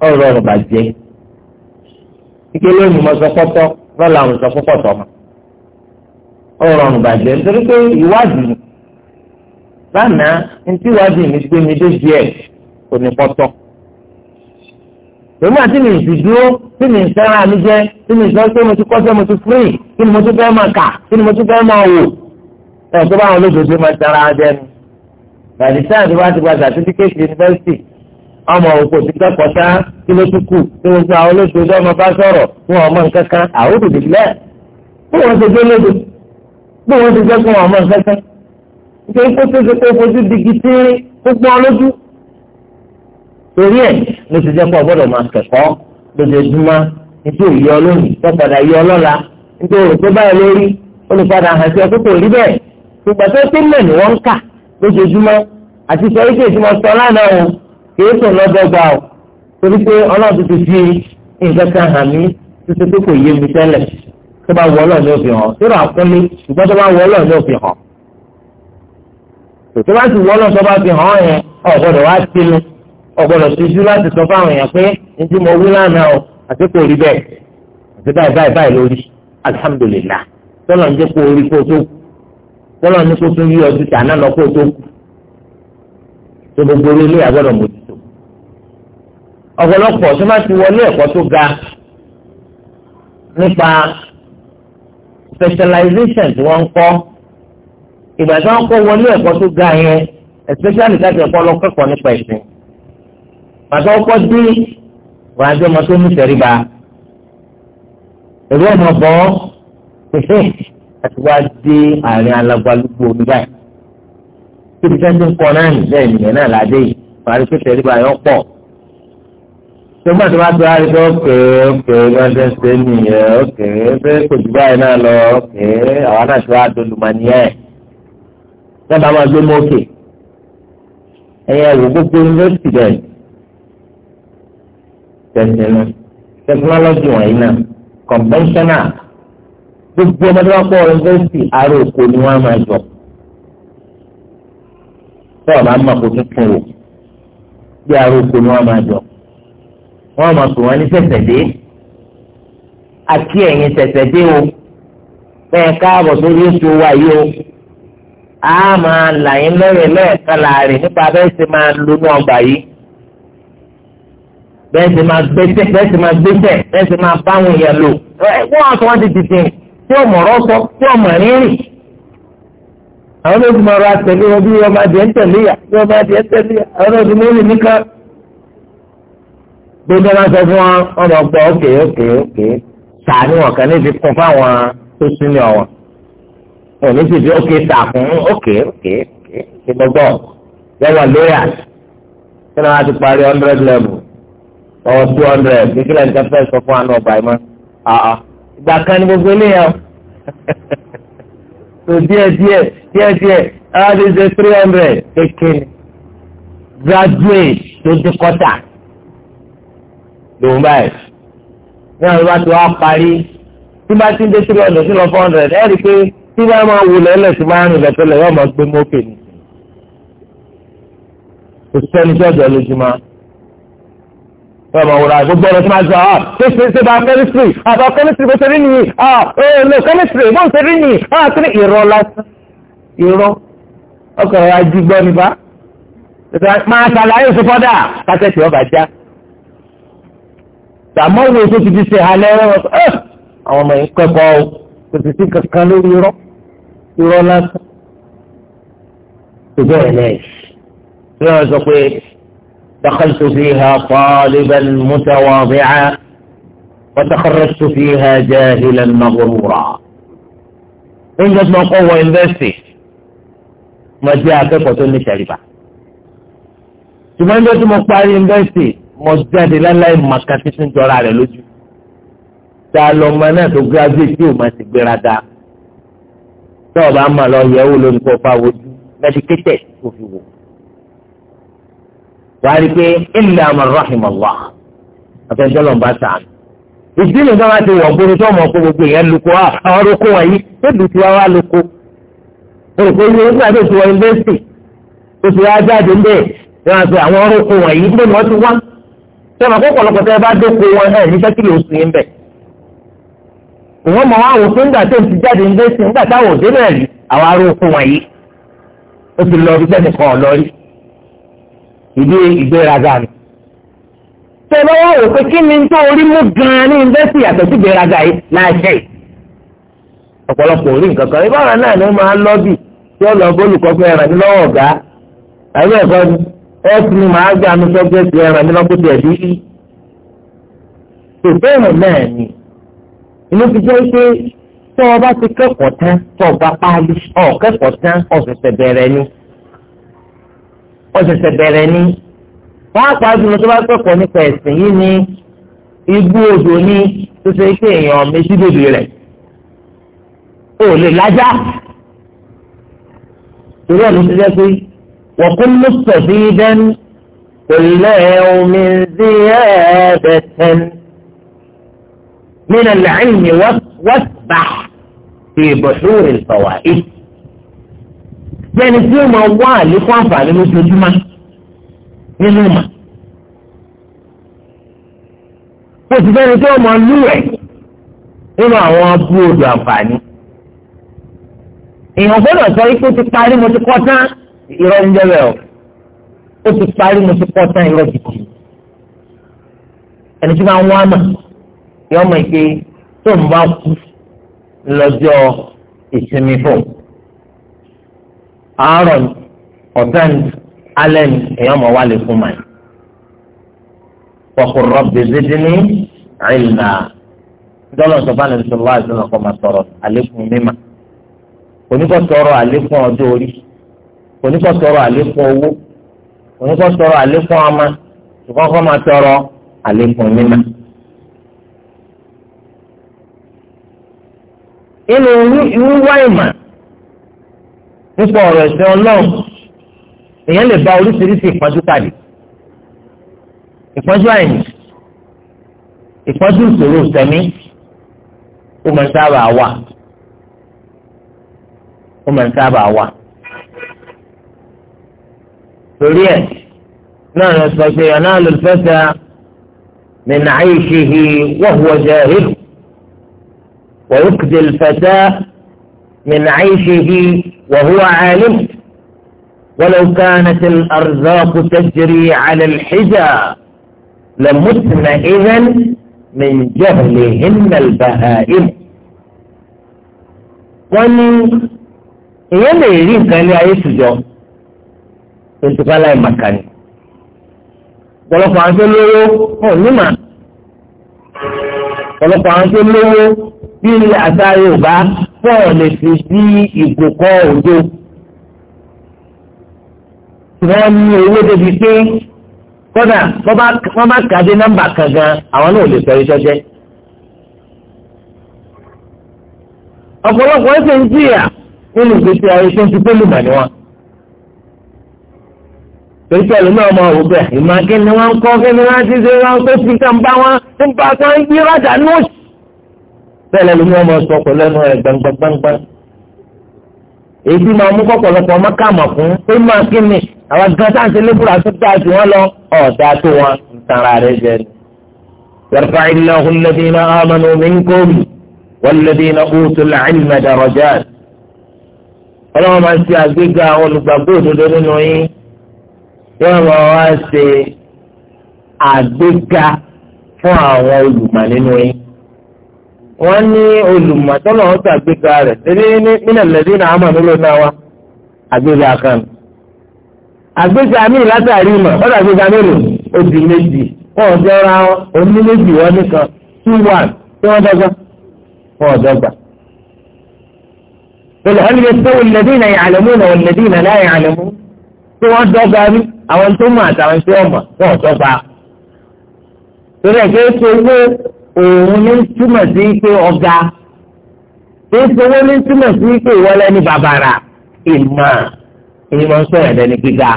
ọ̀ rọrùn bàjẹ́ ìkéle ni mo sọ pọ́pọ́ lọ́la mo sọ pọ́pọ́ tọ́ ma ọ̀ rọrùn bàjẹ́ nítorí pé ìwádìí lánàá ntí wádìí mi gbé mi dé díẹ̀ onípọ̀tọ́. èmi àti mi ìdúdúró tí mi ìfẹ́ràn mi jẹ́ tí mi ìfẹ́ pé mo ti kọ́sẹ́ mo ti fúrì kí ni mo tún fẹ́ máa kà kí ni mo tún fẹ́ máa wò. ẹ tó bá àwọn olóògbé máa tẹ ara jẹ nu. bàdìsá àti wá ti gba sàtífíkẹ́tì yunifásitì ọmọ òkú ti kẹ́kọ̀ọ́ sá kí ló tún kù tí mo sọ àwọn olóògbé ọmọ bá sọ̀rọ̀ fún ọmọ nǹkan kan àwọn òbí nítorí kó tó ṣe pé fojú digi tíírín kó gbọ́n lójú. torí ẹ̀ ló ti jẹ́ pé o gbọ́dọ̀ máa kẹ́kọ̀ọ́ lójoojúmọ́ nítorí òye ọlọ́run tó padà yọ ọlọ́la nítorí òrò tó báyìí lórí olùpadà hàn sí ọkọ̀ kò rí bẹ́ẹ̀ ṣùgbọ́n tó ti mẹ̀ ní wọ́n ń kà lójoojúmọ́ àti sọ wípé ìtumọ̀ sọ lánàá o kìí sùn lọ́dọ́gba o torí pé ọlọ́run ti fi nǹkan kan hàn mí títí pé kò yé mi tẹ́lẹ̀ tó bá wọ ọlọ́run ní òfin hàn tó rà fún mi tòtò bá ti wọ́ lọ́sọ bá fi hàn yẹn ọ̀gbọ́dọ̀ wá sínú ọ̀gbọ́dọ̀ ṣíṣú láti sọ fáwọn èèyàn pé ní tí mo wí lánàá o àti kò rí bẹ́ẹ̀ àti báyìí báyìí báyìí lórí alihamudulilah tọ́lọ̀ ń jẹ́ kó orí kó tó tọ́lọ̀ ní kó tún yí ọdún tà náà lọ kó tó tó gbogbo ilé àgbọ̀dọ̀ mójútó ọ̀pọ̀lọpọ̀ tó má ti wọlé ẹ̀kọ́ tó ga nípa specialization tí wọ́n ń kọ́ ìgbà tí wọ́n kọ́ wọlé ẹ̀kọ́ tó ga yẹn especially káàkiri ẹ̀kọ́ lọ kẹ́kọ̀ọ́ nípa ìsìn màtí wọ́n kọ́ dé wọ́n á jẹ́ ọmọ tó ní tẹríba èrò ọmọ bọ́ pèsè (laughs) àti wá dé àárín alágbálúgbò omi báyìí kíbi tí wọ́n ti ń kọ́ náà bẹ́ẹ̀ nìyẹn náà ládé yìí wọ́n á rí pé tẹríba yọ pọ̀ sọgbà tí wọn ti wá rí pé ókè ókè lọ́dẹ ṣe nìyẹn ókè pé kò jù báyìí náà lọ ókè àwọn náà ti wá dolùmọ̀ nìyẹn sábà máa gbé mọ́tò ẹ̀yẹ wò gbogbo yunifásitì bẹ́ẹ̀ tẹ̀sí nu tẹkinọ́lọ́jì wọ̀nyí náà conventional gbogbo ọmọdé wọn kọ́ yunifásitì aró òkò ni wọ́n á máa jọ tẹ́ ọ̀bá máa kó tuntun wò bí aró òkò ni wọ́n á máa jọ wọ́n máa pè wọ́n ní sẹ̀sẹ̀ dé àti ẹ̀yìn sẹ̀sẹ̀ o bẹ́ẹ̀ káàbọ̀ sórí ètò wa o a máa là yín lóye lẹ́ẹ̀kan láàrin nípa bẹ́ẹ̀ sì máa lo ní ọgbà yìí bẹ́ẹ̀ sì máa gbẹ́sẹ̀ bẹ́ẹ̀ sì máa gbẹ́sẹ̀ bẹ́ẹ̀ sì máa bá àwọn èèyàn lò wọ́n á sọ wọ́n ti dìde tí ọmọ ọ̀rọ̀ sọ tí ọmọ rírìn àwọn ló ti máa ra tẹ̀lé wọn bí ọmọ adìẹ ń tẹ̀lé yà bí ọmọ adìẹ ń tẹ̀lé yà àwọn ló ti mú ní nìkan gbogbo máa sọ fún wọn ọmọ ọgbà òkè òkè òkè sàánú ọ̀kan níbi kún fáwọn tó sínú ọ̀wọ́n òní sì fi ókè sàkún ókè ókè ṣe gbọgbọ yọwọ lawyers kí ni wọn ti parí hundred level ọwọ two hundred kíkí lẹni tẹfẹ sọ fún àánú ọgbà ìmọ àà ìgbà kan ní gbogbo eléyà tó (laughs) díẹ̀ díẹ̀ díẹ̀ díẹ̀ ara ti ṣe three hundred kékeré graduate tó dé kọta lòun báyìí ní àwọn ìbátan wa parí tí bá ti ń dé three hundred sí lọ four hundred ẹ rí i pé tí bá máa wù lẹ́lẹ̀ tí máa rìn lọ́tọ́lẹ̀ yóò máa gbé mókè ni kò sẹ́ni tí ọ̀dọ́ lójúmọ́ yóò máa wúra gbogbo ọ̀rọ̀ tí máa sọ ah ṣé ṣe ṣe bá kẹ́mísírì àbá kẹ́mísírì bó ṣe rí nìyí ah ee lọ kẹ́mísírì bó ṣe rí nìyí ah kí ni irọ́ lásán irọ́ ọkọ̀ rẹ̀ ajígbọ́ ni bá máa ṣàlàyé ìfọ́dà kásẹ̀tì ọba já tàmọ́wò tó ti fi ṣe halẹ́ ọ̀rọ̀ ọmọ yìí kò sì يورو يورو لاسا تجاه ليش lásán دخلت فيها طالبا متواضعا وتخرجت فيها جاهلا مغرورا انجز ما قوة انفستي ما جاء كيف تني شريفة ثم انجز ما قوة انفستي mo jáde láláì màkà tí tí ń ta lọ ọmọ náà tó graduate tí o máa ti gbéraga tó o bá máa lọ yẹ wò lórí kó o fa wojú medicated kó fi wò wàá rí i pé illa man rahim Allah àfẹnjọ́lọ̀ ń bá sàánù ìdílé náà ti wọ̀ gbóni tó mọ̀ kó gbogbo yẹn lóko ah, àwọn olóko wọ̀nyí tẹ́bi tí wàá wá lóko olùkọ́ yìí nígbà tó ti wọ yunifásitì tó ti wá ńbẹ wọn àti àwọn olóko wọ̀nyí ńbẹ ni wọ́n ti wá sọ̀rọ̀ kó pọ̀lọpọ̀ tẹ́ bá dóko wọn ẹ̀ ní sẹ́kìlì oṣù yìí ńbẹ̀ òun mọ̀ àwọn òfin gbà tó ń ti jáde ń dé sí nígbà táwọn òde bẹ̀rẹ̀ rí àwọn ará oko wọ̀nyí ó ti lọ gbẹ́ni kan ọ̀ lọ́rí ìdí ìgbéraga mi. tó o bá wá wò pé kí ni tó orí mú gan-an ní ìdẹ́sì yàtọ̀ sí ìgbéraga yìí náà ṣe é. ọ̀pọ̀lọpọ̀ orí nǹkan kan ìbára náà ni ó máa ń lọ́bì tí ó lọ bólùkọ́ fún ẹran mi lọ́wọ́ ọ̀gá àbí ẹ̀kọ́ ni ẹ ti ní màá gbé àánú sọ́gbẹ́sì ẹran inú fi jẹ́ pé tó o bá ti kẹ́kọ̀ọ́ tán tó o bá páálí ọ̀ kẹ́kọ̀ọ́ tán ọ̀sẹ̀sẹ̀ bẹ̀rẹ̀ ni ọ̀sẹ̀sẹ̀ bẹ̀rẹ̀ ni wọ́n á pàdé mo tó bá kẹ́kọ̀ọ́ nípa ẹ̀sìn yìí ni igbó odò ni tó ṣe pé èèyàn méjì lòdì rẹ̀ ò lè lájá torí ọ̀nà ti jẹ́ pé wọ́n kún mú sọ̀bí dẹ́nu kò lẹ́ẹ̀ọ́ mi ń dí ẹ̀ẹ́dẹ̀tẹ́nu. من العلم واسبح في بحور الفوائد yẹni tí ó máa wá àlékún àǹfààní lójoojúmọ́ nínú mà kò sì sẹ́ni tí ó máa lúwẹ̀ nínú àwọn abú odò àǹfààní èèyàn gbọ́dọ̀ sọ pé ó ti parí mo ti kọ́ tán irọ́ ń jẹ́ bẹ́ẹ̀ o ó ti parí mo ti kọ́ tán irọ́ ti kù ẹni tí máa ń wá mà yọ mọ̀ pé tó ń bá kú lọ́jọ́ ìsinmi fún àárọ̀ ọ̀sán alẹ́ ni èèyàn mọ̀ wá lè fún màá waqur rabbi zidni ilma dọ́là sọ̀bá ní sọ̀rọ̀ àti ọ̀nà kọ́ máa sọ̀rọ̀ àlékún mímà oníkọ́ sọ̀rọ̀ àlékún ọjọ́ orí oníkọ́ sọ̀rọ̀ àlékún owó oníkọ́ sọ̀rọ̀ àlékún ọmọ ṣùgbọ́n máa sọ̀rọ̀ àlékún mímà. inú wíwá ìmọ̀ nípa ọ̀rọ̀ ẹ̀sìn ọlọ́run èèyàn lè ba oríṣiríṣi ìpọ́njú pàdé ìpọ́njú àìní ìpọ́njú ìṣòro ìsẹ̀mí ó máa ń sábà wà ó máa ń sábà wà torí ẹ̀ náà lọ sọ pé ọ̀nà olùfẹ́sẹ̀ min aishihi wa huwa jahil. ويكذي الفتاة من عيشه وهو عالم ولو كانت الأرزاق تجري على الحجا لمتن إذن من جهلهن البهائم ومن إيانا يريد أن يعيش جو كنت قال أي مكان ولو فعنت هو هو نما ولو فعنت bí ilé àṣà yorùbá pọ̀ lè fi sí ìgòkọ́ òjò. wọ́n ní owó débi pé kódà wọ́n bá kàdé nọ́mbà kan gan àwọn náà lè sọ iṣẹ́ jẹ́. ọ̀pọ̀lọpọ̀ ẹsẹ̀ ń jìyà nínú ìgbésí ayé tó ń ti pé lùmọ̀ ni wọn. torí pẹ̀lú náà ọmọ òwúgbẹ́ ìmọ̀ kí ni wọ́n ń kọ́ kí ni wọ́n ti ṣe wọ́n tó ti kàn bá wọn ń bá wọn ń gbé rájà nọ́ọ̀sì bẹ́ẹ̀ lẹ́nu ni wọ́n máa sọ pẹ̀lú ẹnu rẹ̀ gbangbangbangban. èyí máa mú kọ́pọ̀lọpọ̀ ọmọ káàmọ̀ fún pé máa kí ni àwọn gan tá à ń ṣe lébùrà tó dáa jù wọ́n lọ ọ̀dà tó wọn ń tanra rẹ̀ jẹ. يرفع الله الذين آمنوا منكم والذين أوتوا العلم درجات ọlọ́wọ́n máa ṣe àgbéga olùgbàgbọ́ òdodo nínú yín yóò máa wá ṣe àgbéga fún àwọn olùmọ̀ nínú yín wọ́n ní olùmọ̀tọ́lọ̀ ọ̀tọ̀ àgbéga rẹ̀ tẹ́lẹ̀ nínú lẹ́dí náà àmọ́ nílò náà wá àgbéga kan. àgbéga mi látàrí ìmọ̀ ọ̀dọ̀ àgbéga mélòó odi méjì wọ́n ọ̀dọ́ ra oní méjì wọ́n nìkan two one tí wọ́n dọ́gba wọ́n ọ̀dọ́gba. ìlẹ̀ ẹ̀mí yẹn tó lẹ́dí náà yàlẹ́mú náà lẹ́dí náà láì yàlẹ́mú tí wọ́n dọ́gba rí àwọn tó mọ̀ àtàwọn tó mọ̀ wọ́n ọ̀dọ́gba. torí ẹ̀ òun ní túmọ̀ sí pé ọ̀gá ìṣòwò ní túmọ̀ sí pé ìwọlé ní bàbàrà ìmọ̀ ìní máa ń sọ ẹ̀dẹ́ ní gíga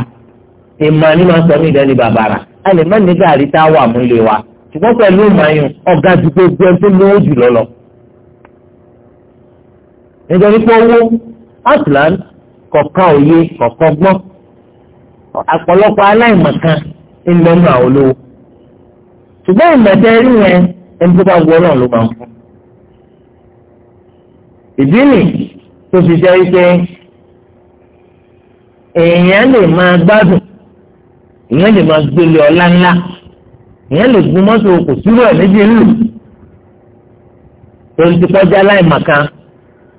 ìmọ̀ ní máa ń sọ ní ìdẹ́ ní bàbàrà a lè má ní gàrí tá a wà mú ilé wa ṣùgbọ́n pẹ̀lú ìmọ̀ọ́yún ọ̀gá ti pé gbé tó lówó jù lọ lọ. nítorí pé owó atlan kọ̀ọ̀kan òye kọ̀ọ̀kan gbọ́n ọ̀pọ̀lọpọ̀ aláìmọ̀kan ń lọ́nà àwọn olówó ṣùgbọ́n ìmọ̀tẹ́rí yẹn ẹni tó bá wù ọlọ́run ló máa ń fún. ìdí nìyí tó fi jẹ́ pé èèyàn lè máa gbádùn èèyàn lè máa gbélé ọlá ńlá èèyàn lè gun mọ́tò kò sírò ẹ̀ méjì ńlù tó ti kọjá láì màkà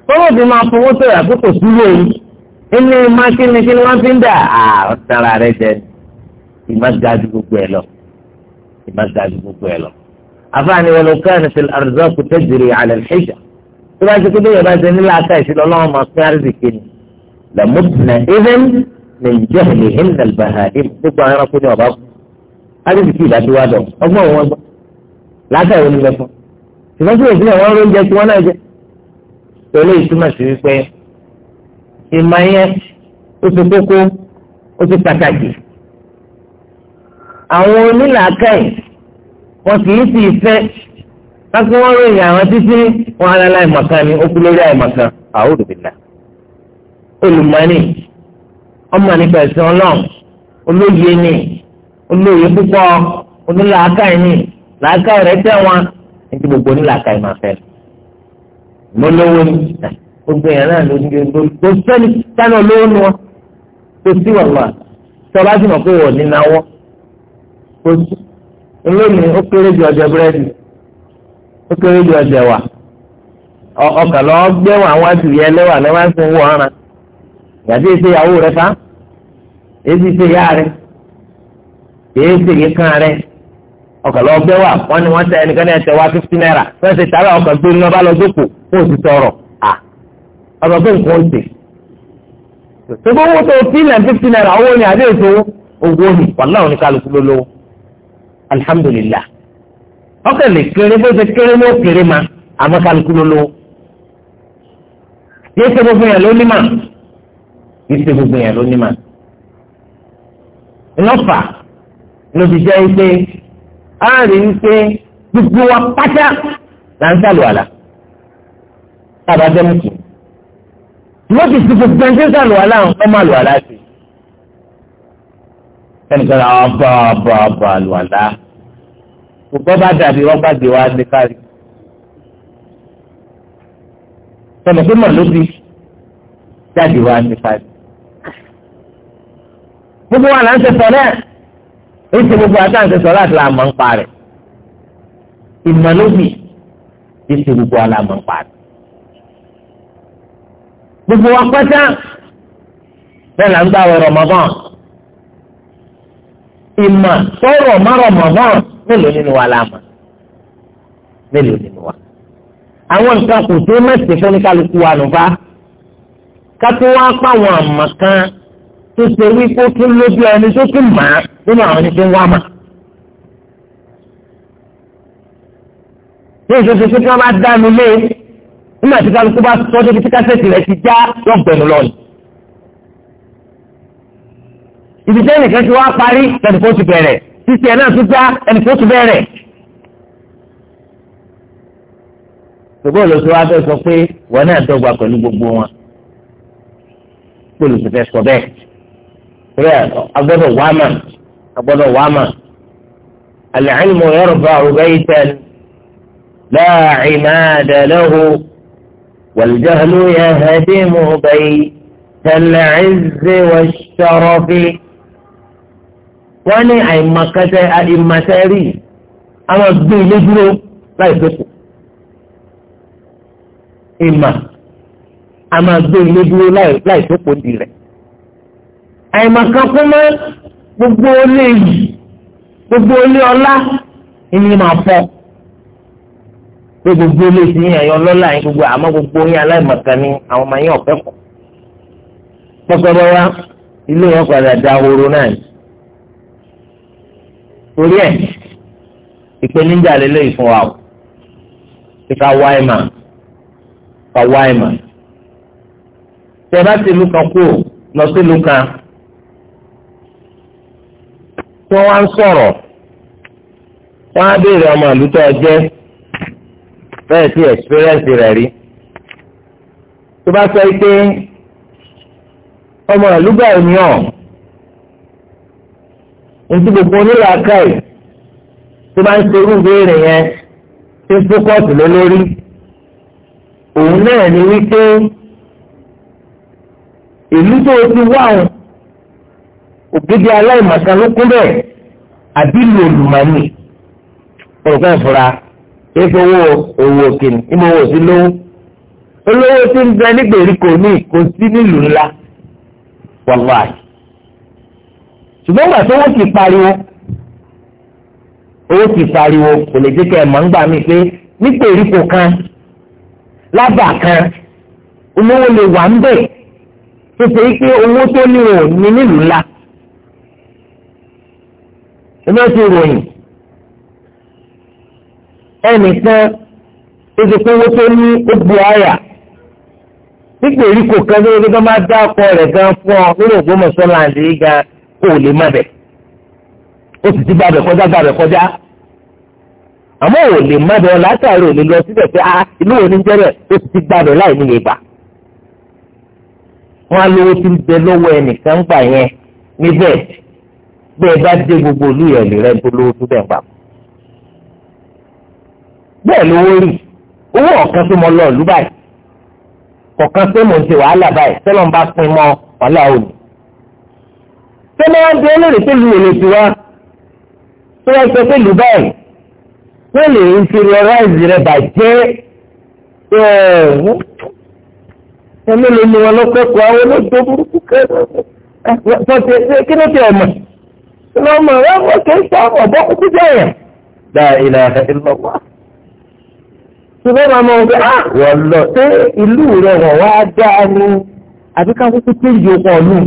fọwọ́ fi máa fọwọ́ tó yà pé kò sírò yìí inú ma kíni kíni wọ́n fi ń dà á ọ̀tara rẹ jẹ ìmá ga ju gbogbo ẹ lọ ìmá ga gbogbo ẹ lọ àfààní wọn ló kẹ́rin fi àrùzọ́kù tẹ́jìrì àlẹ́ ìṣèjà tó bá ti kéde yọba ṣe nílẹ̀ aka ìṣẹ̀lẹ̀ ọlọ́run máa pín àrísìkì ni lẹ́mùtìnà ìhìn ní jẹ́hìnì ìhìn nàlbàhà ìhìn gbogbo àwọn ẹranko ní ọba kú àrísìkì ìdájúwádọ̀ ọgbọ́n òun ọgbọ́n látàrí onílẹ̀ fún ṣùgbọ́n tí òfin àwọn oúnjẹ tí wọ́n náà jẹ pẹ̀lú ìtumọ̀ sí wípé ìmọ̀ yẹn ó ti kókó ó ti pàtàkì àwọn onílàákàyè wọn kì í sì fẹ́ lásìkò wọn ròyìn àwọn títí wọn alálà ìmọ̀kan ni ó kú lórí àìmọ̀kan àwòrán ìbílà olùmọ̀ni ọmọ nípa ẹ̀sìn ọlọ́run olóye ni olóye púpọ̀ onílàákàyè ni làákàyè rẹ̀ tẹ̀ wọn ní gbogbo onílàákàyè máa fẹ́ mọ́lówó ni gbogbo yẹn náà ló ń gbé gbogbo sẹ́ni sẹ́ni olówó ni wọn kò sí wàhálà tí sì mọ̀ pé wọ́n ní náwó kò sí olóyìn ó kéré ju ọjà búrẹ́dì ó kéré ju ọjà wà ọkàn lọ gbẹ́wọ̀n àwọn àjùyẹ ẹlẹ́wà lẹ́wà ń wọ ọ̀ràn yàtí èsè ìyàwó rẹ fa èsì èsè ìyá rẹ èsì ìkan rẹ ọkàn lọ gbẹ́wà tẹ wá tààrà ọkàn gbé ní lọ tọrọ à ọkàn nǹkan tó alhamdulillah ọkàn lè kéré bó ṣe kéré ló kéré ma àmọ́ kálukú ló lówó yé ṣe gbogbo yẹn ló ní mà yé ṣe gbogbo yẹn ló ní mà lọ́fà lóbi jẹ́ wípé a rí wípé gbogbo wa pátá là ń sàlùwàlà tàbá jẹ́ lóbi sí gbogbo ẹni tí ń sàlùwàlà ọmọ àlùwàlà sí i ẹnìkan náà bá bá bá lù àlá gbogbo bá dàbí wọn bá gbé wá sí kárí tẹnì pé mọ̀ ló bí jáde wá sí kárí gbogbo wa là ń ṣe sọ náà èyí ti gbogbo àti àǹṣe sọ láti làmọ́ ń parẹ́ ìmọ̀ èyí ti gbogbo àlàmọ́ ń parẹ́ gbogbo wa pátá bẹ́ẹ̀ là ń gbà wọ Ramadan ìmọ̀ sọ̀rọ̀ márọ̀ mọ̀mọ́ mélòó nínú wa la mọ̀ mélòó nínú wa. àwọn nǹkan kò tó mẹ́sì fún ní kálukú wa nùbá kátó wá pàwọn àmọ̀ kan tó ṣe wípé tún lójú ẹni tó tún mọ̀ á nínú àwọn ẹni tó wá mọ̀. ní ìṣoṣo tí wọ́n bá dánu lé e, nígbà tí kálukú bá sọ́jọ́ tí kásẹ̀tì rẹ̀ ti já lọ́gbẹ̀nu lọ́nìí ibi tẹ́ ẹnìkan ti wá parí ẹnìkan ti bẹ̀rẹ̀ títí ẹ̀ náà tún já ẹnìkan ti bẹ̀rẹ̀. ṣùgbọ́n olùsọ́wọ́ abẹ́ sọ pé wọn náà dọ́gba pẹ̀lú gbogbo wọn olùsọ́ fẹ́ sọ bẹ́ẹ̀ rẹ̀ agbọ́dọ̀ wá mà agbọ́dọ̀ wá mà al-ilmu yarfa'u baytan la 'imada lahu wal-jahlu yahdimu baytal 'izzi wash-sharafi wọ́n ní àìmọ̀kẹ́sẹ́ àìmọ̀sẹ́rì àwọn gbé ilé dúró láì dókò ìmọ̀ a máa gbé ilé dúró láì dókò di rẹ̀ àìmọ̀kẹ́ kún mọ́ gbogbo olé yìí gbogbo olé ọlá ìní máa fọ́ pé gbogbo olé sí ẹ̀yọ́ lọ́la yín gbogbo àmọ́ gbogbo yín aláìmọ̀kẹ́ ni àwọn ọmọ yín ọ̀fẹ́ kọ̀ pọ́pẹ́ bọ́yá ilé wọn padà da horo náà yìí torí ẹ̀ ìpèníjà lélẹ́yìí fún wa o ti ká wá ẹ̀ mà ká wá ẹ̀ mà tẹ bá ti lu kan kú lọ sí lu kan tí wọ́n ń sọ̀rọ̀ á béèrè ọmọ ìlú tó jẹ́ sí ẹ̀sìpírẹ́ǹsì rẹ̀ rí tó bá sọ pé ọmọ ìlú bẹ́ẹ̀ ni ọ̀ ètò gbogbo onílà káì tó bá ń ṣe irú ìbéèrè yẹn tó fókọ̀tì lé lórí òun náà ni wípé ìlú tó ti wá òun ògidì aláìmọ̀kan ló kún bẹ́ẹ̀ àbí lu olùmọ̀ọ́nì olùkọ́ ìfura èso owó owó òkèèrè ìmọ̀ owó sí lówó olówó tí ń bẹ nígbèríko ní kò sí nílùú ńlá wàláì ṣùgbọ́n gbà tó wọ́n ti pariwo owó ti pariwo kò lè jẹ́ kẹ́ ẹ̀ mọ̀ ń gbà mí pé ní pèríko kan lábà kan olówó lè wà ń bẹ̀ tó ṣe pé owó tó ní o ní nílùú ńlá ẹgbẹ́ ti ròyìn ẹnìkan tó ṣe pé owó tó ní ó bu àyà ní pèríko kan tó ṣe pé kí wọ́n máa dá ọkọ rẹ̀ gan fún ọ nínú Ògbómọ̀ṣọ́ làǹdí gan o ò lè má bẹ̀ o sì ti gbà bẹ̀ kọjá gbà bẹ̀ kọjá àmọ́ ò lè má bẹ̀ látàrí ò lè lọ síbẹ̀ pé a ah, ìlú wo ni jẹ́rẹ̀ o sì ti gbà bẹ̀ láì ní ìgbà wọn á lówó tí ń bẹ lọ́wọ́ ẹnìkan gbà yẹn níbẹ̀ bẹ́ẹ̀ bá dé gbogbo olú yẹn lè rẹ́ tó lówó tó bẹ̀ gbà bẹ́ẹ̀ lówó rí owó ọ̀kan tó mọ lọ́ọ̀lú báyìí kọ̀ọ̀kan tó mò ń ṣe wàhálà báyìí tẹ́lọ̀ ń bá pin mọ́ ọ̀la òní tó bá wá ń bí olórí tó lu èlé tiwa tó wá sọ pé lù báyìí tó lè inferiorize rẹ bàjẹ́ ẹ̀ẹ́dẹ́gbẹ́ ló ní wọn lọ́kọ̀ọ́kọ́ àwọn olóògbé burúkú kẹ́ẹ̀ẹ́ kí ló ti ọ̀mọ̀ kí ló mọ̀ ẹ̀ wọ́n kì í sọ ọ̀bọ kúkú jẹ̀yẹ̀ dá ilẹ̀ ìlọ́wọ́ ṣùgbọ́n màmá wọn pé ah, wọ́n lọ sí ìlú rẹ̀ wọ̀ wá dáa ní àbíká kúkú tó yọ ọ̀nù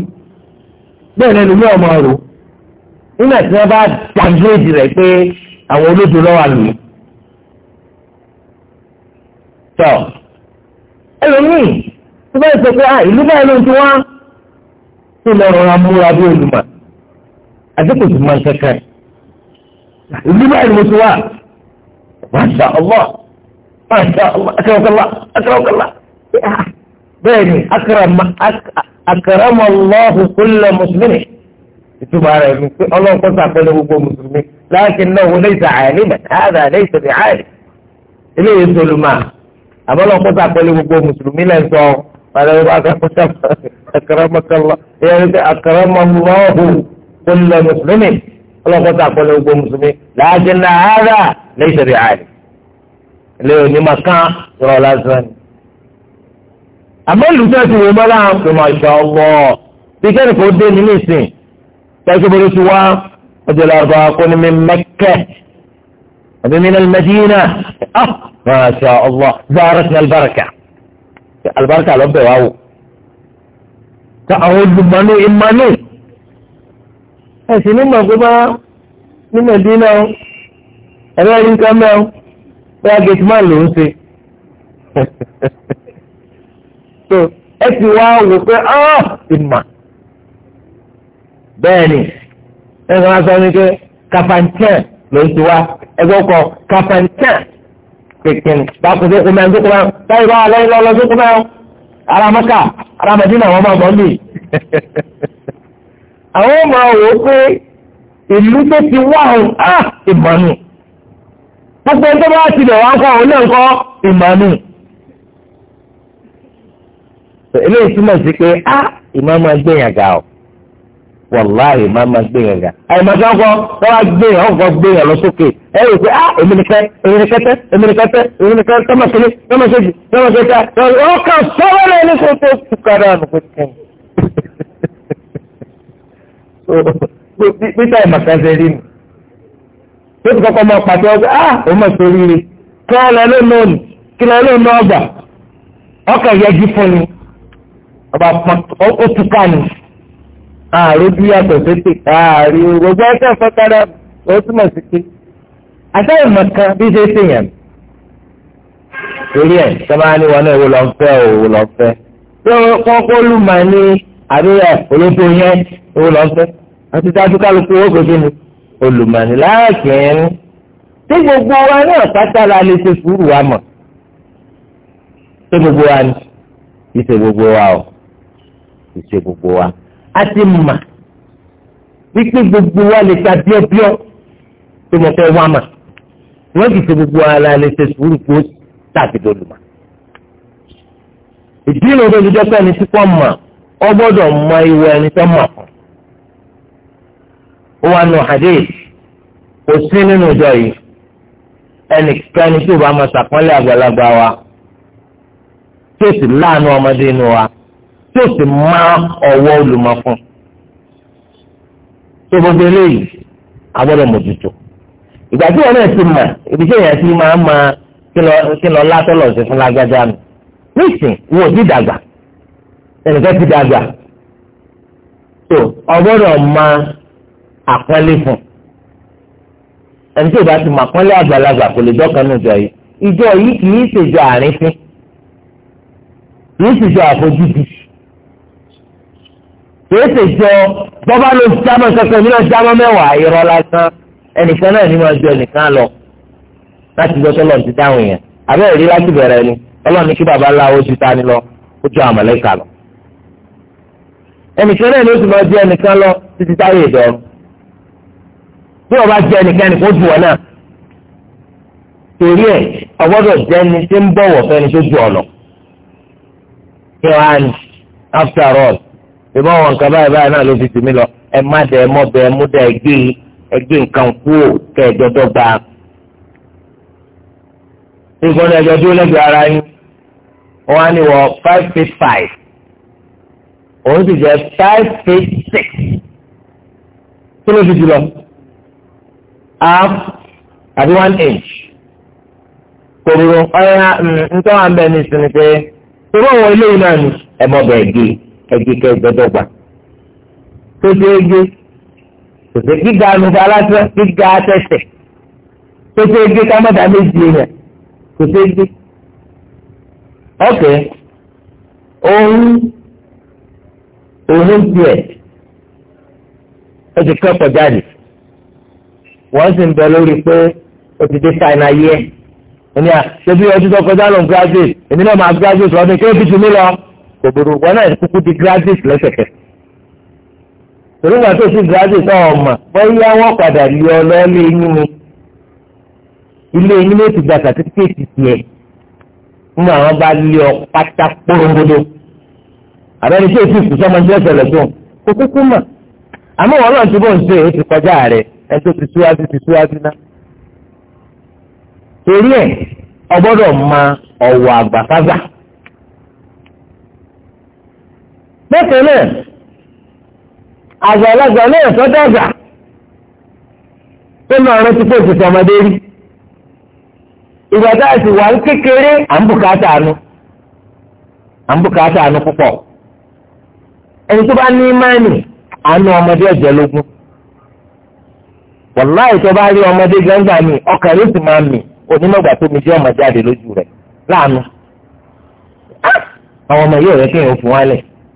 bẹ́ẹ̀ lẹ́nu ní ọmọ rò nígbà tí wọ́n bá dàgbéjì rẹ̀ pé àwọn olódò lọ́wọ́ àlù yìí. tọ́ ẹlòmíì tó bá sọ pé ìlú báyìí ló ń ti wá tó lọ rọra múra bí olùmọ̀ àdínkù tó máa ń kẹ́kẹ́ ìlú báyìí ló ti wá masha allah masha allah akérèkọlá akérèkọlá bẹ́ẹ̀ ni akérèkọlá akramallahu kulla mùsùlùmí ìtumọ̀ rẹ̀ ni pé ọlọ́run kọ́ sàpẹ́lẹ̀ gbogbo mùsùlùmí lakinnahu laysa aliman hadha laysa bi'alim eléyìí solùmọ̀ àmọ́ ọlọ́run kọ́ sàpẹ́lẹ̀ gbogbo mùsùlùmí lẹ́ sọ akramallahu kulla mùsùlùmí ọlọ́run kọ́ sàpẹ́lẹ̀ gbogbo mùsùlùmí lakinna hadha laysa bi'alim eléyìí onímọ̀ kan rọ̀ lásán ni àmọ́ olùsọ ti wò mọ́lá àpòmọ̀ ìṣọ̀ ọ̀gbọ̀ bí kẹ́ni kò dé ní nísìn tẹ́síbolo ti wá ọjọ́ làbà kọ́ni mi mẹ́kẹ́ àbí mi náà mẹ́dínà ah masha allah zaara ti albarka albarka lọ bẹ̀ wá wò ta àwọn olùmọ̀nù ìmọ̀nù ẹ̀sìn nígbà tó bá ní mẹ́dínà ẹ̀rọ ẹ̀rí nǹkan mẹ́rin bẹ́ẹ̀ gẹ̀tìmá ló ń ṣe. (laughs) tó ẹ sì wá wò pé ọ́ ah, ìmọ̀ bẹ́ẹ̀ ni ẹ kàn án sọ ní pé kapantan ló ń ti wá ẹgbẹ́ kọ kapantan kékeré bákùnrin tó kúmẹ́ tó kúmẹ́ táyì bá lọ́yìn lọ́lọ́ tó kúmẹ́ ara mẹ́ka ara mẹ́dínà wọn máa bọ́ mí. (laughs) àwọn máa wò ó pé ìlú tó ti wá ọ̀hún á ah, ìmọ̀ nù gbogbo ẹgbẹ́ bá ti lè wá kọ́ ọ̀hún náà kọ́ ìmọ̀ nù eléyìí túmọ̀ sí pé á ìmọ̀ọ́mọ́ gbẹ̀yàn ga ọ̀ wàláì ìmọ̀ọ́mọ́ gbẹ̀yàn ga àìmọ̀ọ́sí ọkọ wọn á gbẹ̀yàn ọkọ gbẹ̀yàn lọ sókè ẹ rò pé á èmi ni kẹtẹ èmi ni kẹtẹ èmi ni kẹtẹ èmi ni kẹtẹ tọmọsílẹ tọmọsílẹ tọmọsílẹ ọkọ sọwọ́ náà ní kò tó tukadà nù pé kẹ́hìn. (laughs) pété àìmọ̀kànṣe rí mi tó kọ́kọ́ máa pàṣẹ ọgbẹ́ á òun mọ̀ sórí rẹ̀ kí wọ́n lọ lónìí kí wọ́n lọ ọba ó ti ká ní ààrẹ bí yàtọ̀ sókè ààrẹ gbogbo ọjọ́ ìfọ́tara ó túmọ̀ sí pé àtẹ̀yìn mọ̀kan bí ṣe ṣèyàn torí ẹ̀ sábà ní wọn náà èwo lọ fẹ́ òwò lọ fẹ́ tó kọ́kọ́ lù mà ní àríyá olóko yẹn èwo lọ fẹ́ àti dájú kálukú ó gbé ní olùmọ̀ni láàkín tí gbogbo wa náà pátá la lè ṣe sùúrù wa mọ̀ tí gbogbo wa ní ìṣe gbogbo wa o ti ṣe gbogbo wa a ti mà wípé gbogbo wa lè ta bíọ́bíọ́ tó mọ̀ fẹ́ wá mà wọ́n ti ṣe gbogbo wa la lè ṣe sùúrù kó tàbí dolùmọ̀ ìdí ìlú tó ti dọ́pẹ́ ni tí kò mà ọ gbọ́dọ̀ mọ ìwọ ẹni tó mà fún ó wà nù hadith kò sí nínú ìjọ yìí ẹnìkan ni tí ò bá máa ṣàpọ́nlé àgbàlagbà wa tí sì láàánú ọmọdé inú wa tí ó sì má ọwọ́ olùmọ̀ fún tó gbogbo eléyìí agbọ́dọ̀ mójútó ìgbà tí wọn náà ti mọ̀ ibi tí èèyàn ti máa ma kí lọ látọlọ sí fún lágbájá mi nísìn wo ti dàgbà ẹnìkan ti dàgbà tó ọgbọ́dọ̀ ma àpọ́nlé fún ẹni tí ìbá ti mọ̀ àpọ́nlé àgbàlagbà kò lè dọkàn nù jọ yìí ìjọ yìí kì í ṣèjọ àrífín kì í ṣèjọ àfojúdi kìí ṣe jọ bọ́bá ló jámọ́ sọ́kẹ́ mi náà jámọ́ mẹ́wàá irọ́ lásán ẹnìkan náà ní máa jọ ẹnìkan lọ láti gbọ́ tọ́lọ̀ ti dáhùn yẹn abẹ́rẹ́ rí láti bẹ̀rẹ̀ ni ọlọ́run ní kí baba láwo ti ta ni lọ ó jọ àmọ̀lẹ́kà lọ. ẹnìkan náà ló sì máa jẹ ẹnìkan lọ títí táyé ìdọ́rùn bí wọ́n bá jẹ ẹnìkan ẹnì kó jù ọ náà torí ẹ̀ ọgbọ́dọ̀ jẹ́ ni tí ń bọ̀wọ̀ fẹ́ni tó jù ọ lọ. kí after all ìbọn wọn nǹkan báyìí báyìí náà ló fi tì mí lọ ẹ má dẹ ẹ mọ bẹ ẹ mú dẹ ẹ gbé ẹ gbé nǹkan kú ò kẹ ẹ jọjọ gba nǹkan ẹjọ dúró lẹ́gbẹ̀ẹ́ ara yín wọn á ní wọ five feet five òun sì jẹ five feet six kí ló fi jù lọ half àbí one inch kò burú ọ̀ya mm, ntọ́wọ́n abẹ́ ní sinmi pé ìwọ́n wọ ilé yìí náà ni ẹ mọ bẹ ẹ gbé ẹgbẹ́kẹ́ ìgbẹ́dọ́gba tó ṣe é gbé kò sí gíga anufa aláṣẹ gíga atẹsẹ tó ṣe é gbé kámẹ́ta méjì yẹn kò sí gbé ọ̀kẹ́ òun òun tiẹ̀ ó ti kẹ́kọ̀ọ́ jáde wọ́n sì ń bẹ lórí pé ó ti dé sáìnà yẹ ẹni à ṣé bí ọdún tó kọjá lòún graduate èmi náà máa graduate lọ́dún kí ó fi jù mí lọ òbòdò wọn náà kúkú di graduate lẹ́sẹ̀kẹsẹ̀ torí wọn tó sí graduate ọmọ bóyá wọn padà lé ọ lọ́lé yín ni ilé yín ló ti gba sàtífíkẹ́tì tiẹ̀ fún àwọn bá lé ọ pátá kpọ́ngbodò àbẹ́ni tí èsì kù sọ́mọ ní ẹsẹ̀ lọ́sùn kò kúkú mà àmọ́ wọn náà ti bọ̀ ń ṣe é ti kọjá rẹ̀ ẹ tó ti síwájú ti síwájú náà torí ẹ ọgbọ́dọ̀ ma ọ̀wọ̀ àgbàfáàgbà. bẹ́ẹ̀ àgbàlagbà náà dàgbà tó máa rántí pé òṣìṣẹ́ ọmọdé rí ìgbà tá a sì wà kékeré à ń bùkátà à ń bùkátà púpọ̀ ẹni tó bá ní mánì àánú ọmọdé ẹ̀jẹ̀ lógún wàláì tó bá rí ọmọdé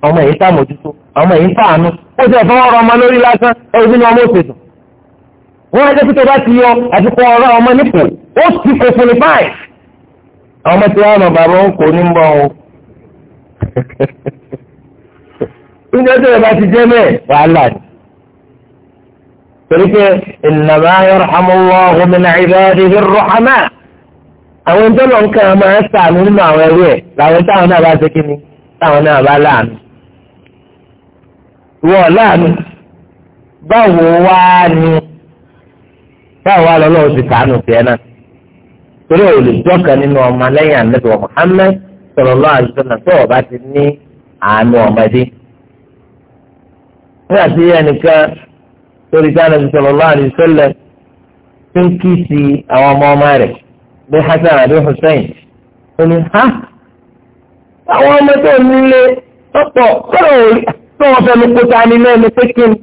ọmọ yìí sàmójútó ọmọ yìí sàánú ó ti ẹ̀fọ́ ọ̀rọ̀ ọmọ lórí lásán ẹ̀rù bí ni ọmọ òṣèlú wọn ẹjẹ pípẹ́ bá ti yọ àti kọ ọ̀rọ̀ ọmọ nípò ó sì kò fún ní báyìí àwọn ọmọ tí wọn mọ bàbá ń kó ní bọ́ o níjẹ́ tó yẹ bá ti jẹ́ bẹ́ẹ̀ wàhálà ni torí ìnàbà ayọ̀rọ̀hámọ́wọ́ ọ̀húnmínà ìbáraẹni rọ̀hámà àwọn náà bá wọ láàánú báwo wá ní báwo wá lọ́lọ́wọ́ ti kàánù tiẹ̀ náà torí ò lè nínú ọmọ lẹ́yìn ànábì wa Muhammad tó ti ní àánú ọmọdé nígbà tí ẹnìkan torí ti tó wọn fẹnu kó ta ni mẹ́ni pé kí ni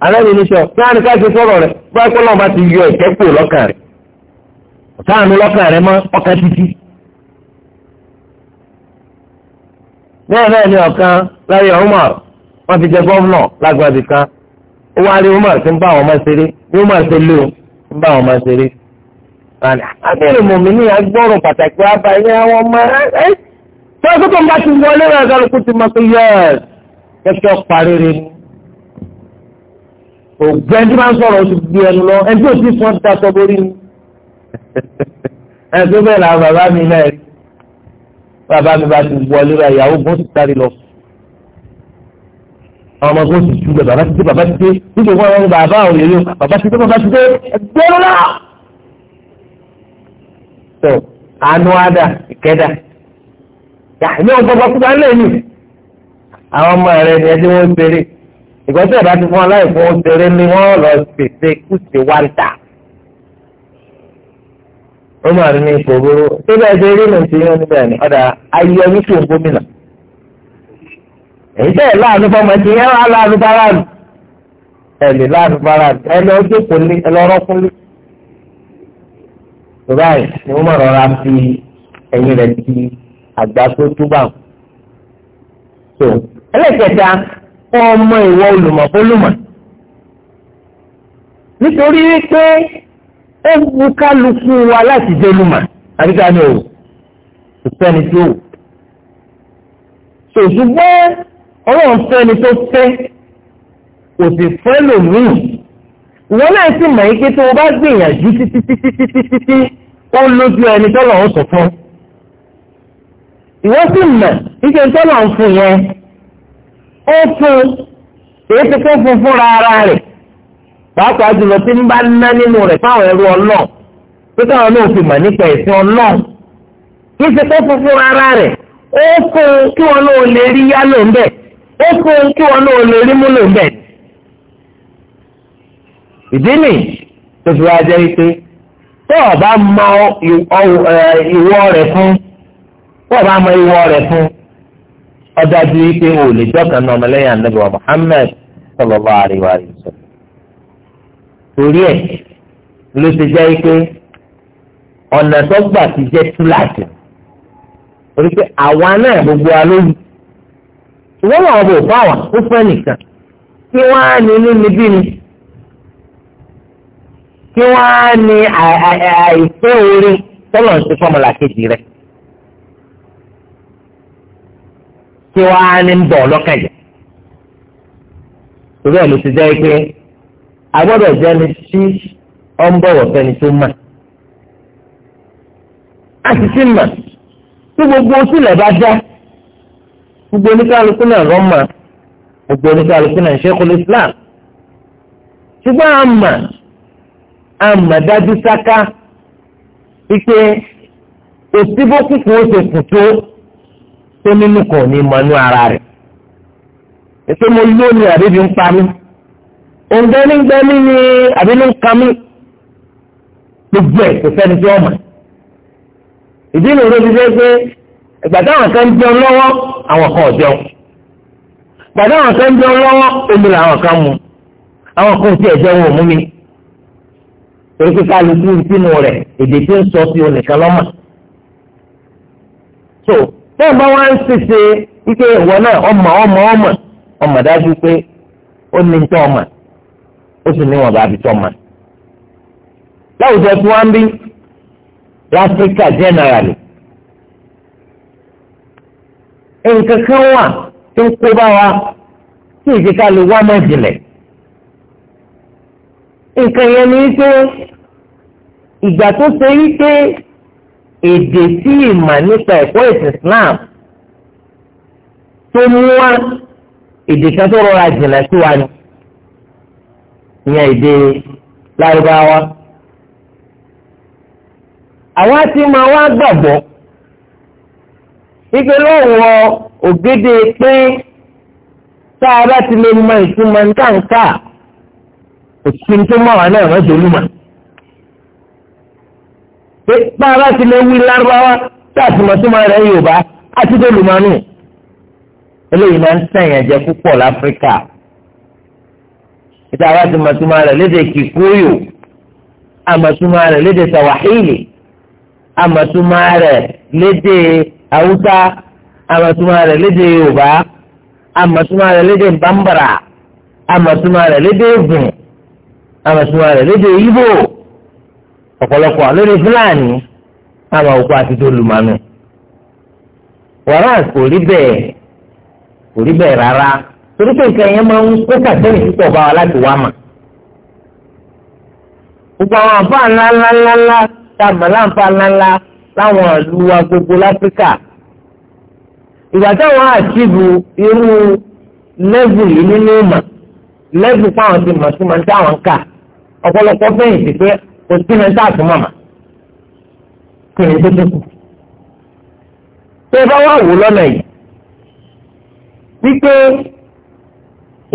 alẹ́ni ní sọ bí wọn ká ṣe sọ̀rọ̀ rẹ bá ẹ̀kọ́ náà bá ti yọ ẹ̀kẹ́ kúrò lọ́kàn rẹ ọ̀táàánú lọ́kàn rẹ mọ́ ọkàn títí. bẹ́ẹ̀ bẹ́ẹ̀ ni ọ̀kan láyé Umar wọ́n fi jẹ gọ́vnọ̀ lágbàdì kan ó wá rí Umar tí ń bá àwọn ọmọ ṣeré bí Umar ṣe lé o ń bá àwọn ọmọ ṣeré. abẹ́rẹ́ mọ̀mí ní agbọ́rùn pàtàkì wa bá ilé àwọn ọmọ ẹ̀ ẹ́ tí wọ́n tó ń bá ti wọlé rẹ̀ kẹ́kẹ́ parí rẹ̀ ni ògbẹ́ tí wọ́n sọ̀rọ̀ oṣù gbé ẹnu lọ ẹni tí òsì sọ́ọ́ da sọ borí ni (laughs) ẹni tó bẹ̀rẹ̀ àwọn bàbá mi náà rí bàbá mi bá ti wọlé rẹ̀ ìyàwó gbọ́n ti sáré lọ àwọn ọmọ gbọ́n ti jùlọ bàbá ti dé bàbá ti dé nígbà wọn wọn bàbá ò lè lò bàbá ti dé bàbá ti dé ẹgbẹ́ lọ́la. tó àánú ada ìkẹ́dà yàtọ̀ ní ọgbọ́n bá kú àwọn ọmọ rẹ ni ẹni wọ́n ṣeré ìgbọ́sẹ̀ ìbá ti fún ọ láì fún ọ ṣeré ni wọ́n lọ ṣèṣe kùsì wá ń tà. ó mà ní ipò òbúrú síbẹ̀ ṣe rí mi ti yán níbẹ̀ ni ọ̀dà ayé ọdún tó ń gómìnà. èyí tẹ̀ láàánú fọmọ ti yẹn wà láàánú báràánù ẹ̀lì láàánú báràánù ẹ̀lì ọjọ́ kò ní ẹlọ́rọ́ kúnlé. bàbá yìí ni wọ́n mọ̀ rọra fi ẹ̀yìn rẹ̀ di àgbà ẹlẹ́kẹta ọmọ ìwọ olùmọ̀fólùmọ̀ nítorí pé ó wu kálukú wa láti délùmọ̀ àbíká ni o kò sẹ́ni tó o ṣùgbọ́n ọlọ́run fẹ́ni tó fẹ́ kò sì fẹ́ lòmíì ìwọ́n náà sì mọ̀ ike tó o bá gbìyànjú títí títí títí títí ó lójú ẹni tọ́lọ̀ ń sọ fún ìwọ́n sì mọ̀ ike tọ́lọ̀ ń fún yẹn. ó fún èyí tí kò pàápàá jùlọ tí ń bá ná nínú rẹ̀ fáwọn ẹrú ọlọ́ọ̀ pé káwọn náà fi mọ̀ nípa ẹ̀sìn ọlọ́ọ̀ kí ṣe kó fún kí wọn náà lè rí yálò ń bẹ̀ ó kí wọn náà lè rí múlò ń ìdí jẹ́ tó mọ ìwọ fún ọdájú wípé o lè jọ́kan náà ọmọlẹ́yìn ànábì wa Muhammad sallallahu alaihi wa sallam. torí ẹ̀ ló ti jẹ́ pé ọ̀nà tó gbà ti jẹ́ túláàtì torí pé àwa náà gbogbo wa lóyún ṣùgbọ́n àwọn ọmọ òfò àwọn ó fẹ́ nìkan kí wọ́n á ní níbi bí ni kí wọ́n á ní àìpé orí tọ́lọ̀ ń ṣe fọ́mọlà kejì rẹ̀. kí wàá ní ń bọ̀ lọ́kàn jẹ́ torí ẹ̀ ló ti jẹ́ pé a gbọ́dọ̀ jẹ́ ni tí ọ ń bọ̀wọ̀ fẹ́ni tó mọ̀ a sì ti mọ̀ tí gbogbo sílẹ̀ bá dá gbogbo oníkálukú náà rọ́mà gbogbo oníkálukú náà Sheikhul Islam ṣùgbọ́n a mọ̀ a mọ̀ dájú sáká wípé òsínbó kúkú ó ṣe kù tó nínú kò ní mọ inú ara rẹ̀ ètò mo lónìí àbíbi ń pa mí òǹgbẹ́nigbẹ́ni ni àbínú ń ka mí gbogbo ẹ̀ kò sẹ́ni tí wọ́n mọ̀ ìdí nìyẹn ló ti dé pé ìgbà táwọn kan jẹun lọ́wọ́ àwọn kan ò jẹun ìgbà táwọn kan jẹun lọ́wọ́ omi làwọn kan mu àwọn kan ò tiẹ̀ jẹun ò mi torí pé kálukú sínú rẹ̀ èdè tí ń sọ sí onìkan lọ́mọ. so bẹ́ẹ̀ bá wá ń ṣèṣe ike ìwọ náà ọmọ ọmọ ọmọ ọmọ dájú pé ó ní tọ́ ọmọ ó sì níwọ̀n bá fi tọ́ ọmọ. láwùjọ tí wọ́n ń bí láfíríkà jẹ́nẹ̀rálì nǹkan kan wà tó ń kó bá wa tí ìdíkà lè wá mọ́ ìjìnlẹ̀. nǹkan yẹn ni pé ìgbà tó ṣe wípé. èdè tí ìmọ̀ nípa ẹ̀kọ́ ìsìn Islam tó mú wá èdè kan tó rọra jìnnà sí wa ni ìyẹn èdè lárúbáwá. ti máa wá gbàgbọ́ ike lọ́wọ́ ògede pé tá a bá ti lè mọ ìtumọ̀ nǹkan ká òsì tó mọ̀ wá náà lọ́dọ̀ olúmọ̀. pé bá a bá ti lè wí lárúbáwá tá a sì mọ̀ sí ma rẹ̀ yorùbá á ti dé lùmánù. eléyìí máa ń sẹ̀yìn ẹ̀jẹ̀ púpọ̀ láfíríkà ìta bá ti mọ̀ sí ma rẹ̀ léde kìkúyò àmọ̀túmọ̀ rẹ̀ léde sàwáhìlì àmọ̀túmọ̀ rẹ̀ léde haúsá àmọ̀túmọ̀ rẹ̀ léde yorùbá àmọ̀túmọ̀ rẹ̀ léde bambara àmọ̀túmọ̀ rẹ̀ léde ògùn àmọ̀túmọ̀ rẹ̀ léde yíbò ọ̀pọ̀lọpọ̀ lórí fúlàní àwọn òkú àti dolùmọ̀nù wàrà kò rí bẹ́ẹ̀ kò rí bẹ́ẹ̀ rárá torí pé nǹkan yẹn máa ń kó kàtẹ́yìn púpọ̀ bá wa láti wá mà gbogbo àwọn àbá ńláńláńlá tá a mọ̀ láǹfà ńláńlá láwọn ìlú wa gbogbo láfíríkà ìgbà táwọn àtìbù irú lẹ́bù yìí nínú ìmọ̀ lẹ́bù fáwọn ti mọ̀ sí máa ń táwọn kà ọ̀pọ̀lọpọ̀ fẹ̀yìntì pé kò sí ní sáàtì mọ̀mọ́ kò ní tó dínkù. tó bá wà wò lọ́nà yìí wípé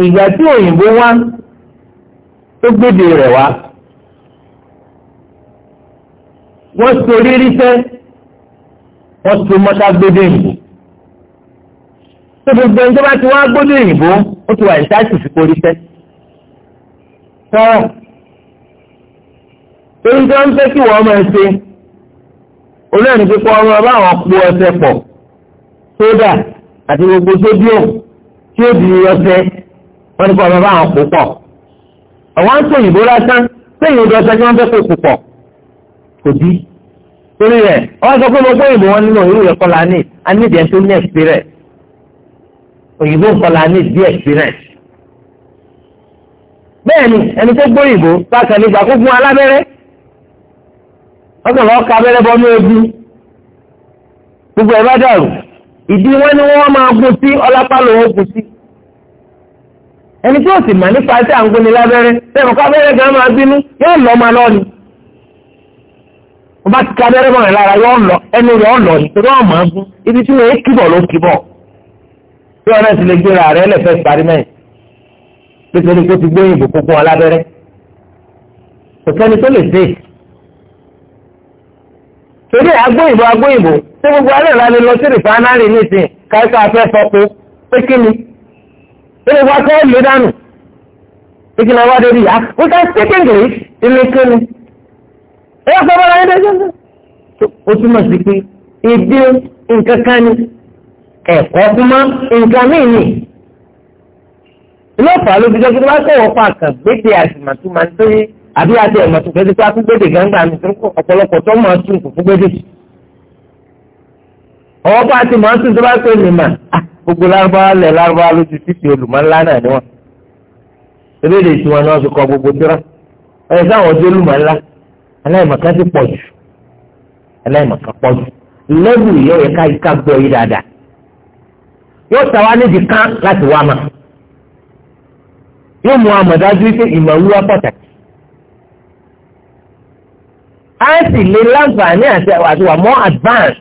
ìgbà tí òyìnbó wá tó gbéde rẹ̀ wá wọ́n so rírí sẹ́ wọ́n so mọ́tà gbéde yìí tó gbogbo ẹni tó bá ti wá gbódò òyìnbó ó ti wà ní sáàtì fi korí sẹ́ torí tí wọ́n ń fẹ́ kí wọ́n máa ṣe olóòní pípọ́ ọmọ báwọn po ọṣẹ pọ̀ sódà àti gbogbo sódíọ̀mù tí ó di ọṣẹ wọ́n ní kọ́ ọmọ báwọn po pọ̀ àwọn ń sèyìnbó lásán sèyìnbó di ọṣẹ tí wọ́n fẹ́ kó kó pọ̀ kò dí torí rẹ̀ wọ́n sọ pé mo gbé ìbò wọn nínú irú rẹ̀ kọ́ la ní anídìẹ́ tó ní experience òyìnbó kọ́ la ní bí experience bẹ́ẹ̀ ni ẹni tó gbóyìnbó bákan nígbà kó fún alábẹ́rẹ́ wọ́n kàn lọ́ọ́ ka abẹ́rẹ́ bọ́ ní ojú gbogbo ẹ̀ bá dàrú ìdí wọn ni wọ́n máa gun sí ọlápá lòun gun sí ẹni tí ó sì mà nípa tí à ń gunni lábẹ́rẹ́ sẹ́wọ̀n ká abẹ́rẹ́ gan máa bínú yóò lọ́ máa lọ́ ni wọ́n bá ti ka abẹ́rẹ́ mọ̀rẹ́ lára yóò lọ ẹnu rẹ̀ ọ̀ lọ ni torí wọ́n máa gun ibi tí wọ́n kíbọ̀ ló kíbọ̀ tí wọ́n náà ti lè gbéra rẹ̀ lẹ́fẹ̀ẹ́ experiment nítorí pé ó ti gbé kò sẹ́ni tó lè ṣe torí agbóyìnbó agbóyìnbó tí gbogbo alẹ́ ìlànà lọ sí rìfánárì nísìnyí káyọ̀ká afẹ́ fọ́pọ́ pé kí ni tí gbogbo akọ́ lè dànù pé kí ni ọwọ́ adébí yá we can speak English ilé kí ni ẹ yọ sọ bọ́lá ẹ̀dẹ́ jẹ́jẹ́ túmọ̀ sí pé èdè nǹkan kan ni ẹ̀kọ́ kúmọ́ nǹkan míì ni ìlú ló fi àbí àti ẹ̀mọ̀ tó fẹ́ẹ́ dípá fúgbẹ́dẹ̀ gbangba mi ọ̀pọ̀lọpọ̀ tó máa tún kò fúgbẹ́dẹ̀. ọwọ́ bá ti máa tún tó bá mà gbogbo lárúbáwá lẹ̀ lárúbáwá ló ti fífi olùmọ̀ńlá náà ni wọ́n. ebéèrè tí wọn náà fi kọ gbogbo tíra ẹ̀ sáwọn ọdún olùmọ̀ńlá aláìmọ̀kan ti pọ̀ jù aláìmọ̀kan pọ̀ jù lẹ́bù yóò yẹ ká ká gbọ́ yìí dáadáa yóò tà wá níbi kan láti wá á sì lè láǹfààní àti wà mọ́ advance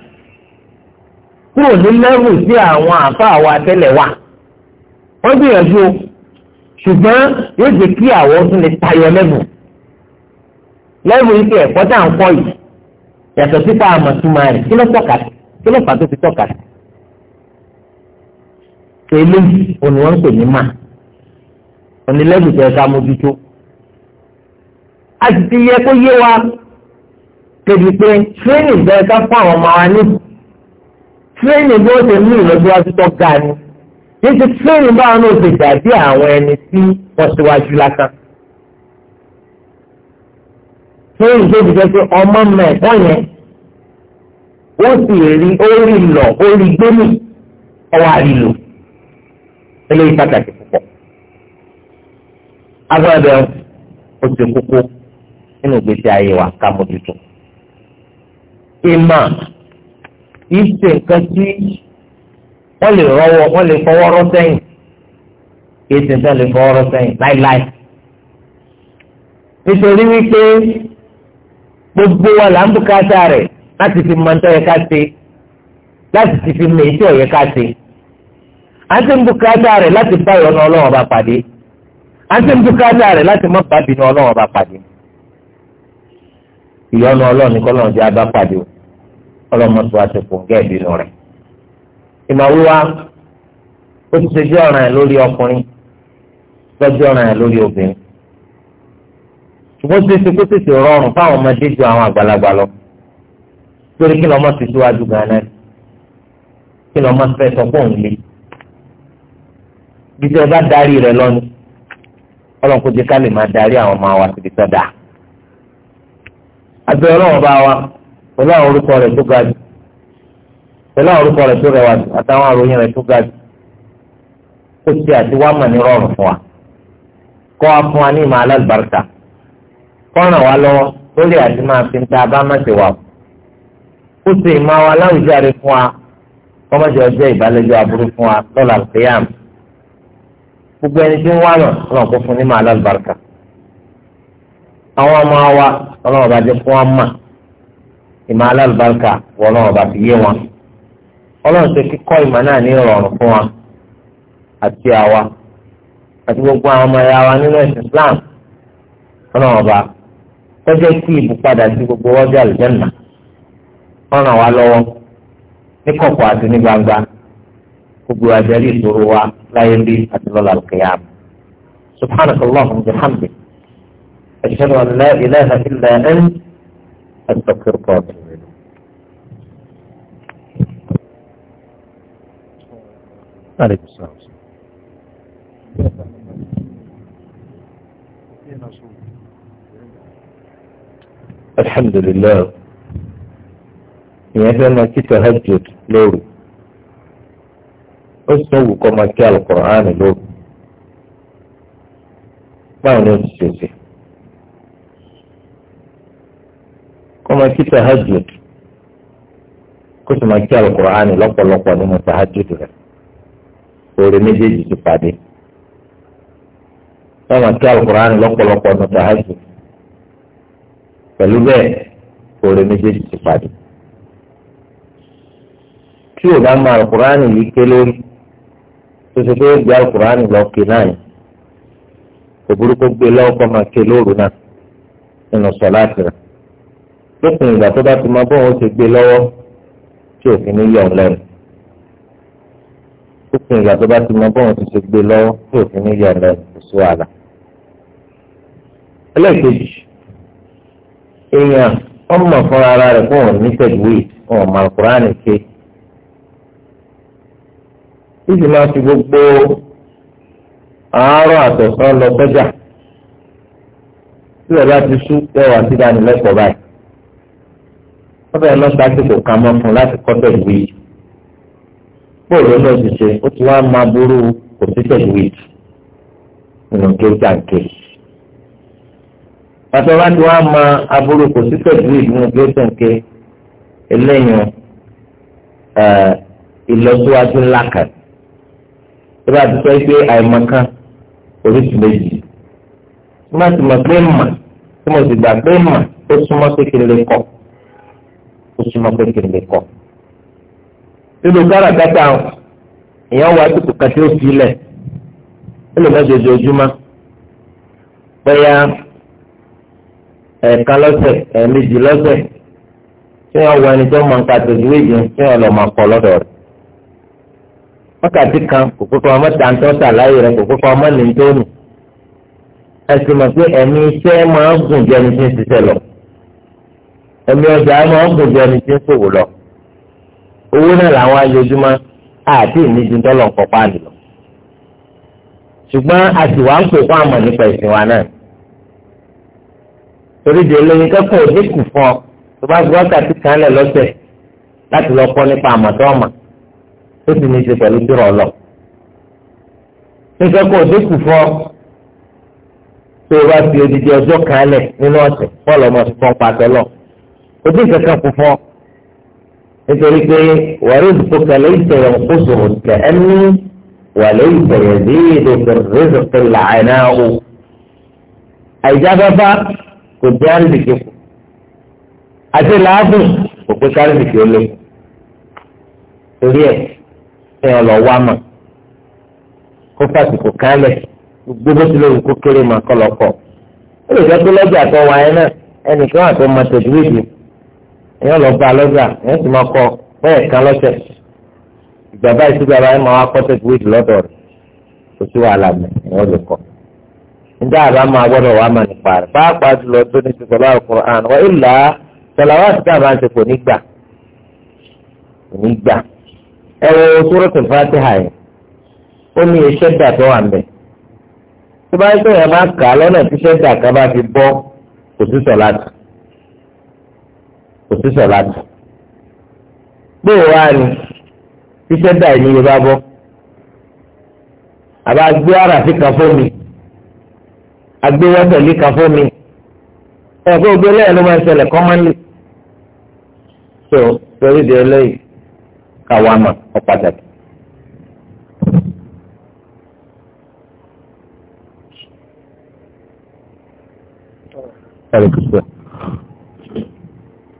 kúrò ní lẹ́rù sí àwọn àfa àwọn atẹ́lẹ̀ wa wọ́n gbìyànjú o ṣùgbọ́n yóò jẹ́ kí àwọn tún lè tayọ lẹ́bù lẹ́bù yìí kí ẹ̀kọ́ tá à ń kọ́ yìí yàtọ̀ sípa àmọ̀túnmá rẹ̀ kí ló tọ́ka sí kí ló fà tó fi tọ́ka sí. pẹ̀lú òní wọ́n ń pè ní mà òní lẹ́bù tẹ̀ ká mójútó. a sì ti yẹ kó yé wa kébi pé tírénì bẹ́ẹ̀ ká fún àwọn ọmọ wa ní tírénì bí ó ṣe mú ìlọsíwájú tó ga ni títí tírénì báwọn náà ṣe dàbí àwọn ẹni tí wọ́n ṣíwájú lásán. tírénì tó ti jẹ́ pé ọmọ mẹ́ẹ̀kọ́ yẹn ó sì rí orí lọ orí gbẹ́mí ọwọ́ àrílò eléyìí pàtàkì púpọ̀. agbọ́dọ̀ ó ti kókó nínú ìgbésí ayé wa ká mójútó ìmọ̀ ìṣe nǹkan tí wọ́n lè rọwọ́ wọ́n lè fọwọ́ rọ́ sẹ́yìn ètò ìṣe lè fọwọ́ rọ́ sẹ́yìn láíláí. nítorí wípé gbogbo wa là ń bùkátà rẹ̀ láti fi mọ ntọ́ yẹ ká ṣe láti ti fi mọ ètò ọ̀yẹ́ ká ṣe. a ti ń bùkátà rẹ̀ láti bá ìrọ̀nà ọlọ́wọ́ bá pàdé. a ti ń bùkátà rẹ̀ láti má bàbí ní ọlọ́wọ́ bá pàdé ìyọnu ọlọ́ọ̀ni kọ́lọ́ọ̀ jẹ́ abápàdé o ọlọ́mọ̀tò àti kòǹgẹ́ ìbínú rẹ̀. ìmọ̀wíwá ó ti ṣe jẹ́ ọ̀ràn ẹ̀ lórí ọkùnrin lọ́jọ́ ọ̀ràn ẹ̀ lórí obìnrin. ṣùgbọ́n ṣe ṣe kó tètè rọrùn fáwọn ọmọdé ju àwọn àgbàlagbà lọ torí kí lọ́mọ ti síwájú gan-an kí lọ́mọ fẹ́ sọ pé òun lè. bí tí ẹ darí rẹ lọ́nu ọlọ́run abẹ ọlọ́run bá wa pẹ̀lú àwọn orúkọ rẹ̀ tó ga jù pẹ̀lú àwọn orúkọ rẹ̀ tó rẹwà jù àtàwọn àròyìn rẹ̀ tó ga jù kó ti àti wá mọ̀ ní rọrùn fún wa kó wa fún wa ní ìmọ̀ alábàárìkà kó ràn wá lọ́wọ́ lórí àti máa fi ń ta abá wà o kó sì máa wa láwùjọ rẹ̀ fún wa kó má ṣe ọjọ́ ìbálẹ́jọ́ aburú fún wa lọ́la àlùkìyàmù gbogbo ẹni tí ń wá lọ ọlọ́run kó fún ní ìmọ̀ alábàárìkà àwọn ọmọ wa ọlọ́run ọba jẹ́ fún wọn mà ìmọ̀ alálùbáríkà wọ ọlọ́run ọba fi yé wọn ọlọ́run ṣe kíkọ́ ìmọ̀ náà ní ìrọ̀rùn fún wa àti àwa àti gbogbo àwọn ọmọ ẹ̀yà wa nínú ẹ̀sìn Islam ọlọ́run ọba tọ́jú kí ìbùpadà sí gbogbo ọjọ́ àlùjẹ́nà ọ̀ràn wa lọ́wọ́ ní kọ̀kọ̀ àti ní gbangba gbogbo àjẹrí ìṣòro wa láyé bí àti lọ́la òkè yàrá subhanahu wa ta'ala. أشهد أن لا إله إلا أنت أستغفر الله عليكم السلام الحمد لله يعني أنا كنت أهجد لوري أسوق كما كان القرآن لو ما نفسي فيه wọ́n máa kí tahajjud kó sì máa kí alukur'ani lọ́pọ̀lọpọ̀ nínú tahajjud rẹ̀ oore méjèèjì ti pàdé wọ́n máa kí alukur'ani lọ́pọ̀lọpọ̀ nínú tahajjud pẹ̀lú bẹ́ẹ̀ oore méjèèjì ti pàdé tí o bá máa alukur'ani yìí ké lórí tó ṣe pé ó gbé lọ ké náà ni kò burúkú gbé lọ́wọ́ kọ́ máa ké lóru náà nínú sọ̀láàtì rẹ̀ lópin ìgbà tó bá ti máa bọ́ òun ṣe gbé lọ́wọ́ tí òfin ní yọ̀ lẹ́nu lópin ìgbà tó bá ti máa bọ́ òun ti ṣe gbé lọ́wọ́ tí òfin ní yọ̀ lẹ́nu kò sí wàhálà. ẹlẹ́ẹ̀kejì èèyàn wọ́n mọ̀ fúnra ara rẹ̀ fún òun ní tẹ̀gbìwì òun àkùránì ké títí máa fi gbogbo àárọ̀ àtọ̀sán lọ sọ́jà tí ẹ̀ bá ti sú tẹ́wàá sí ìdánilẹ́kọ̀ọ́ báyìí wọ́n fẹ́ẹ́ lọ sásìkò kan mọ́ fún láti kọ́ pẹ̀lú yìí bóòlù ló ti ṣe ó ti wá máa burú kò sí pẹ̀lú ìtù nínú kéjàǹké pàtó bá ti wá máa aburú kò sí pẹ̀lú ìtù nínú kéjàǹké eléyìn ìlọsíwájú ńlá kan tó bá ti sọ pé àìmọ̀kan oríṣi méjì tí ti mọ̀ pé mà tí mo sì gbà pé mà ó súnmọ́ kékeré kọ̀ ó súnmọ́ pé kí n lè kọ́. nínú kára kẹta èèyàn wá àsìkò kan tí ó fi lẹ̀ ó lè mẹ́jọ ojoojúmọ́ bóyá ẹ̀ẹ̀kan lọ́sẹ̀ ẹ̀ẹ̀mejì lọ́sẹ̀ tí wọ́n wọ ẹni tó mọ nǹkan tó ìwé ìdí tí wọ́n lọ mọ ọkọ lọ́dọ̀ rẹ̀. wákàtí kan kò kókó ọmọ tàǹtọ́ tà láyé rẹ̀ kò kókó ọmọ nìyí tó nù. ẹ̀sìn mọ̀ pé ẹ̀mí iṣẹ́ máa ń gùn jẹ́ni tí ń ṣiṣẹ́ lọ ẹ̀mí ọjà máa ń gbòjọ ẹni tí ń ṣòwò lọ owó náà làwọn ayojúmọ́ àti ìníjú dọ́là ń kọ́pá nìlọ ṣùgbọ́n a sì wá ń pè fún àmọ̀ nípa ìsìn wa náà torí di olóyin kẹ́kọ̀ọ́ òdìkù fún ọ tó bá gbọ́ kàtí kan lẹ̀ lọ́sẹ̀ láti lọ kọ́ nípa àmọ̀ tó ọmọ tó sì ní í ṣe pẹ̀lú dúró ọlọ kẹ́kọ̀ọ́ òdìkù fún ọ tó o bá fi odidi ọjọ́ kan lẹ̀ nínú ọ̀sẹ̀ bọ́ọ̀lù ọmọ tó fọ́n òtí kankan kò fọ́ nítorí pé wàrí ìdókòkò lẹ́yìn tẹ̀yẹ̀ nkóso kẹ̀ ẹ́mí wà lẹ́yìn tẹ̀yẹ̀ zéèdè kẹrẹ́sì tó làánà o. àìjábábá kò dé àrídìkì kù àti làágùn kò pé kárídìkì ó torí ẹ̀ ẹ̀ ọ̀ lọ́ wá mọ̀ kó fàtìkù kálẹ̀ gbogbo tí lóru kó kéré mà kọlọkọ ó lè jẹ pé lọ́jà tó wáyé náà ẹnìkan àti ọmọ tẹ̀síwèjì èèyàn lọ bá lọ́jà èèyàn sì máa kọ bẹ́ẹ̀ kan lọ́sẹ̀ ìgbà báyìí sí bàbá yẹn máa wá kọ́tẹ́ wíìdì lọ́dọ̀ rẹ̀ kò sí wàhálà mi èèyàn lè kọ́ nígbà àbá máa gbọ́dọ̀ wá máa nípa rẹ̀ pàápàá jùlọ tó ní ti sọ̀rọ̀ Al-Qur'an wa illa sọ̀làwá àti dàbà ń ṣe kò ní gbà kò ní gbà ẹ wo Suratul Fatiha yẹn ó ní iṣẹ́ dà tó wà mẹ́ tó bá yẹ kó yẹn kò sí sọ̀láàtì. pé wàá ní iṣẹ́ dà ní yorùbá bọ́ àbá gbé ara sí kan fún mi àgbé wọ́tẹ̀lì kan fún mi ẹ̀kọ́ ògbélé ẹ̀ ló máa ń ṣẹlẹ̀ kọ́mọ́nì. tó torí di eléyìí káwa mà ọ pàtàkì. Thank you, sir.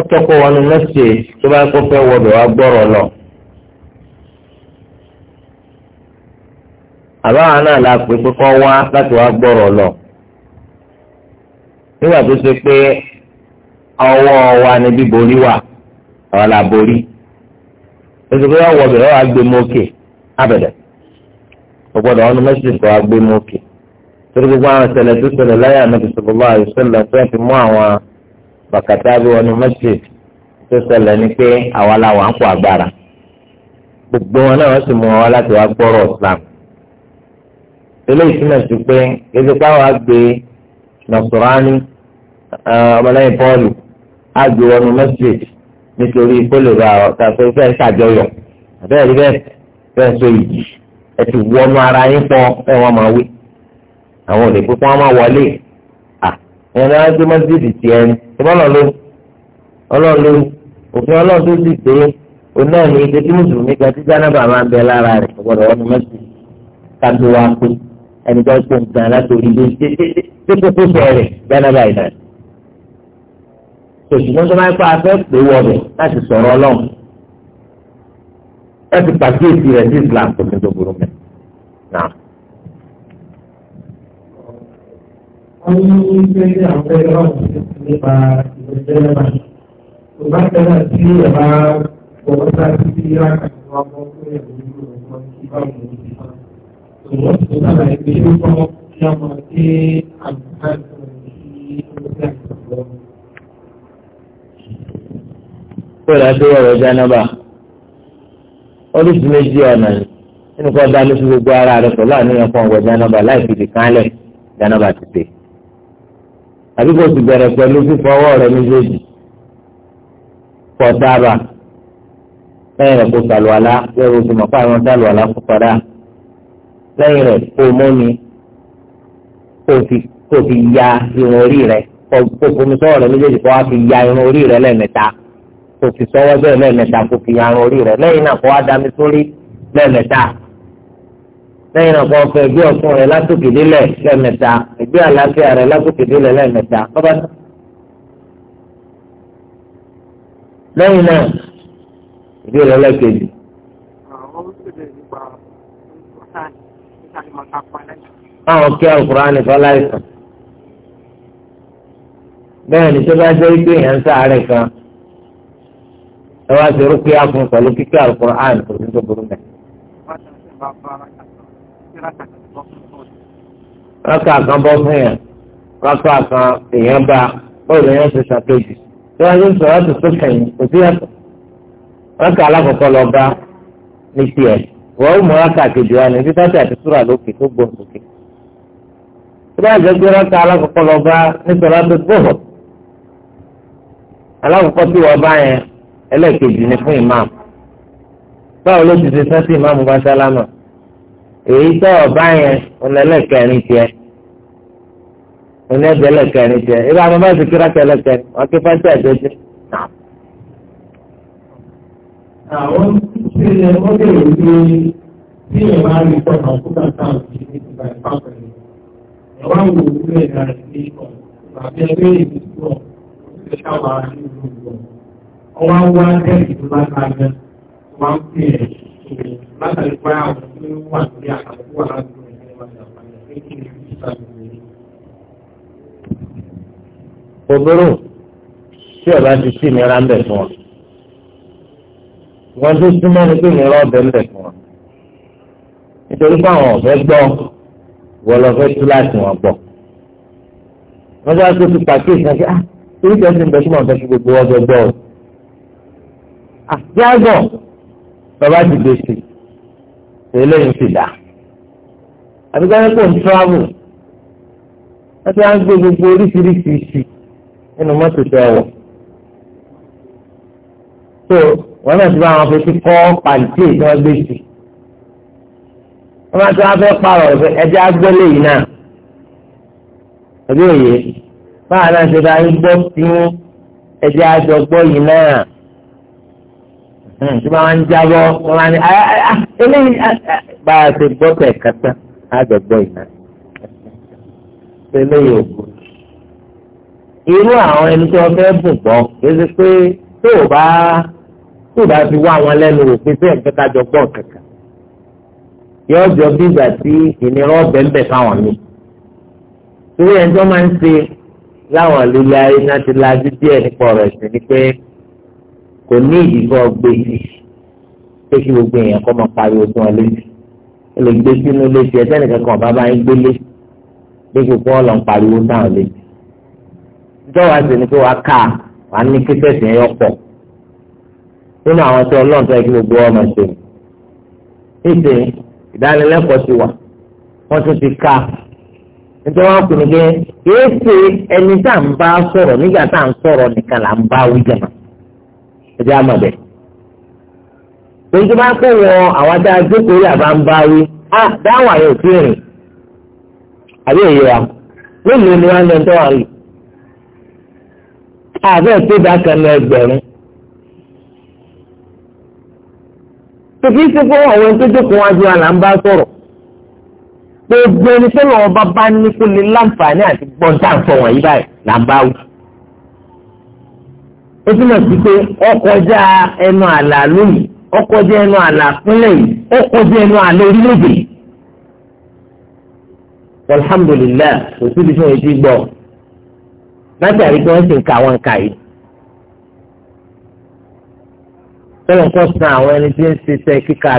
ọtọkọ wọnú mẹsẹ tó bá kó fẹ́ wọbẹ wá gbọrọ lọ. àbáwọn náà la pè pé kọ́ wá láti wá gbọ́rọ̀ lọ. nígbà tó ṣe pé ọwọ́ wa ni bíborí wà àwọn la borí. oṣù tó yà wọ bẹ̀rẹ̀ gbé mókè abẹ̀dẹ̀. ọ̀gbọ́dọ̀ ọ̀nù mẹ́sìlì kọ́ wá gbé mókè. torí gbogbo àwọn ìṣẹ̀lẹ̀ tó ṣẹlẹ̀ láyé ànábì sallallahu alaihi wasallam fi mú àwọn pàkàtà bí wọnú masjid tó ṣẹlẹ̀ ni pé àwa làwọn kó agbára gbogbo wọn náà wọ́n sì mú wa láti wá gbọ́rọ̀ islam eléyìí túmọ̀ sí pé ètò káwọn gbé nọ̀sọ̀rání eh, ọmọlẹ́yìn pọ́ọ̀lù àgbè wọnú masjid nítorí kólébà ọ̀tàfẹ́ fẹ́ ṣàjọyọ̀ àbẹ́rẹ́ bẹ́ẹ̀ fẹ́ sọ ìjì ẹ ti wọnú ara yín pọ̀ ẹ wọ́n máa wí àwọn òde pípọ́n máa wọlé ìyẹn náà gbé mọ́sídìí ti ẹni ìbọn náà ló ọlọ́run ló òfin ọlọ́run tó sì pé òun náà ní ibi tí mùsùlùmí kan tí jánábà máa ń bẹ lára rẹ̀ gbọ́dọ̀ wọ́n ní mọ́sídìí kájú wa pé ẹni tó ń pè nǹkan látòrí ló ṣe ṣe kó tó sọ̀rọ̀ jánábà ìlà òṣùwọ́n tó máa ń pa afẹ́ pé wọ́ọ̀bẹ̀ láti sọ̀rọ̀ ọlọ́run ẹ ti pàkíyèsí rẹ̀ sí Islam tó fi dògbòrò mẹ́ náà. wọ́n ní pẹ́ẹ́sì àwọn fẹ́ẹ́ rọ̀ọ̀tì nípa ìgbésẹ̀ lẹ́bà. Ìgbà tẹ́lẹ̀ tí ẹ̀ bá fọwọ́ sá sí sí ìrákà tó wá fọ́ fún ẹ̀ nínú ọ̀pọ̀ nípa òun ti fa. Ìwọ́n ti tó dára ẹgbẹ́ yóò fọ́ kí a mọ̀ sí àbùkà Pẹ̀lú adéwọ̀rọ̀ Jánábà, oríṣi méjì ọ̀nà ni nínú kan dá lóṣù gbogbo ara rẹ̀ pẹ̀lú àníyàn kan wọ̀ Jánábà láì fi dìkan lẹ̀ Jánábà ti pè é àbí kò sì bẹ̀rẹ̀ pẹ̀lú fífọwọ́ rẹ méjèèjì kọ dábà lẹ́yìn rẹ̀ kó sàlùwàlá lẹ́rù tó mọ̀ fún àwọn sàlùwàlá kó padà lẹ́yìn rẹ̀ kó mọ́ni kó fi ya irun orí rẹ̀ kó fomi sọ́wọ́ rẹ méjèèjì kó wá fi ya irun orí rẹ̀ lẹ́ẹ̀mẹ́ta kó fi sọ́wọ́ bẹ́ẹ̀ lẹ́ẹ̀mẹ́ta kó fi ya irun orí rẹ̀ lẹ́yìn náà kó wá dami sórí lẹ́ẹ̀mẹ́ta lẹ́yìn náà kọ́ fẹ́ ẹgbẹ́ ọ̀fun rẹ̀ látòkè délẹ̀ lẹ́ẹ̀mẹ́ta ẹgbẹ́ àlàáfíà rẹ̀ látòkè délẹ̀ lẹ́ẹ̀mẹ́ta lọ́ba tó. lẹ́yìn náà ìdí rẹ̀ lẹ́ẹ̀kejì. àwọn kí alukur'ani fọlá ìsàn. bẹ́ẹ̀ ni tó bá jẹ́ ipé yẹn ń sáré kan ẹ wá sí rúkìá fún pẹ̀lú kíkẹ́ alukur'ani kò sí tó burú mẹ́ rákà kan bọ́ fún yẹn rákà kan èèyàn bá bọ́ọ̀lù yẹn ti ṣàkejì tí wọ́n ti sọ̀rọ̀ tó tó kẹ̀yìn kò sí ẹ̀kọ́ rákà alákọ̀ọ́kọ́ lọ bá ní tiẹ̀ wọ́n ó mú rákà kejì wa ní títàtì àti súrà lókè tó gbọ́n lókè. tí wọ́n jẹ́ gbé rákà alákọ̀ọ́kọ́ lọ bá ní sọ̀rọ̀ tó gbọ́n alákọ̀ọ́kọ́ tí wọ́n bá yẹn ẹlẹ́ẹ̀kejì ni fún ìmáàmù báwo ló ti ṣe sẹ́sì ìmáàmù bá sálámà èyí tó ọba yẹn ọ̀nẹ́lẹ̀kẹrin tiẹ̀ ọ̀nẹ́bẹ̀lẹ̀kẹrin tiẹ̀ ìgbà àwọn bá ti kíra kẹlẹ̀kẹrin wọ́n kí fásitì àjọṣe. àwọn tí ilẹ̀ ọdẹ yìí ní tí ẹ̀ máa rí ìtọ́ka fún kàkà òjì ní ìgbà ìpapẹ̀ ẹ̀ wá wò ó lé ẹ̀dá rẹ̀ ní ìkọ̀ tàbí ẹgbẹ́ ìdìbò ọ̀sẹ̀ káwàá ní ìlú ìgbọ̀ ọwọ́ wá tẹ̀sí tó bá ká látàrí Obìnrin tí ọba ti sí ìnira ń bẹ̀ fún ọ. Wọ́n tó súnmọ́ ni pé ìnira ọbẹ̀ ń bẹ̀ fún ọ. Nítorí pé ọ̀fẹ́ gbọ́ wọ́n lọ fẹ́ tú láti wọn gbọ́. Wọ́n tó ti pàkíyèsí náà pé ah torí kẹ́sì ń bẹ sí màá fẹ́ gbogbo ọjọ́ gbọ́ Àti àgbọ̀n. Ah, bàbá ti gbèsè eléyìí ti dà àbí ká ní kò ń travel wọ́n ti á ń gbé gbogbo oríṣiríṣi ìṣì nínú mọ́tò tẹ ọ̀wọ̀ tó wọ́n náà ti bá wọn fi ti kọ́ pàǹtí tí wọ́n gbé sí wọ́n máa ti wá fẹ́ pààrọ̀ ọ̀fẹ́ ẹjẹ́ agbélé yìí náà ẹbí òye báwa náà ti bá ń gbọ́ sí ẹjẹ́ àjọgbọ́ yìí náà. Hmm, tí wọ́n ń jábọ́ wọ́n máa ní ah, ah, ah, eléyìí bá a ṣe gbọ́ pẹ̀ kẹta àgbẹ̀gbọ́ ìná eléyìí ògbó. irú àwọn ẹni tí wọ́n fẹ́ bùn gbọ́ kì í ṣe pé tó o bá tó o bá fi wá àwọn lẹ́nu wò pé bẹ́ẹ̀ kẹ́kẹ́ àjọ gbọ́ kẹ̀kẹ́ yóò jọ bí ìgbà tí ìnira ọ̀bẹ ń bẹ̀ fáwọn mi. torí ẹni tó máa ń ṣe láwọn ìlú ilé ayé náà ti lajú díẹ̀ nípa ọ̀rọ̀ ẹ̀sìn ni pé kò ní ìdìbò ọgbẹ́ sí pé kí gbogbo èèyàn kọ́ máa pariwo fún ọ létí ó lè gbé sínú létí ẹsẹ̀ nìkan kan bàbá yín gbé létí pé gbogbo ọ̀lọ́ pariwo sáwọn létí. ìjọba sì ni pé wàá kà wàá ní kí tẹ̀sí ẹ̀yọ́ pọ̀ nínú àwọn tí ọlọ́run tó yẹ kí gbogbo ọmọ ṣe ní ṣe ìdánilẹ́kọ̀ọ́ ti wà wọ́n tún ti ká nítorí wọn kùnú pé kìí ṣe ẹni tá à ń bá sọ̀rọ̀ nígbà tá à ń sọ̀rọ̀ nìkan là ń bá wí ẹjẹ́ àmọ̀ bẹ̀. Oúnjẹ máa ń pè wọ́n àwọn adá jókòó yà bá ń bá wí. À ah, dáhùn àyè òsì rìn. Àbí èyí wa, mélòó ni wọ́n á lọ tọ́wọ́ lò? Àbẹ́ tó bá kan lọ ẹgbẹ̀rún. Tòkí sí fún àwọn tó jókòó wájú wa là ń bá sọ̀rọ̀. Gbogbo ẹni tó lọ́wọ́ bá bá ní kó láǹfààní àti gbọ́ntàǹfọ̀ wọ̀nyí báyìí là ń bá wí. ó túmọ̀ sí pé ọkọjá ẹnu àlà lónìí ọkọjá ẹnu àlà pínlẹ̀ yìí ọkọjá ẹnu àlà orílẹ̀-èdè alhamdulilayi kò síbi tí wọ́n ti gbọ́ látàrí pé wọ́n sì ń ka àwọn nǹka yìí. sọ́dọ̀ kọ́ san àwọn ẹni tí ń ṣiṣẹ́ kíkà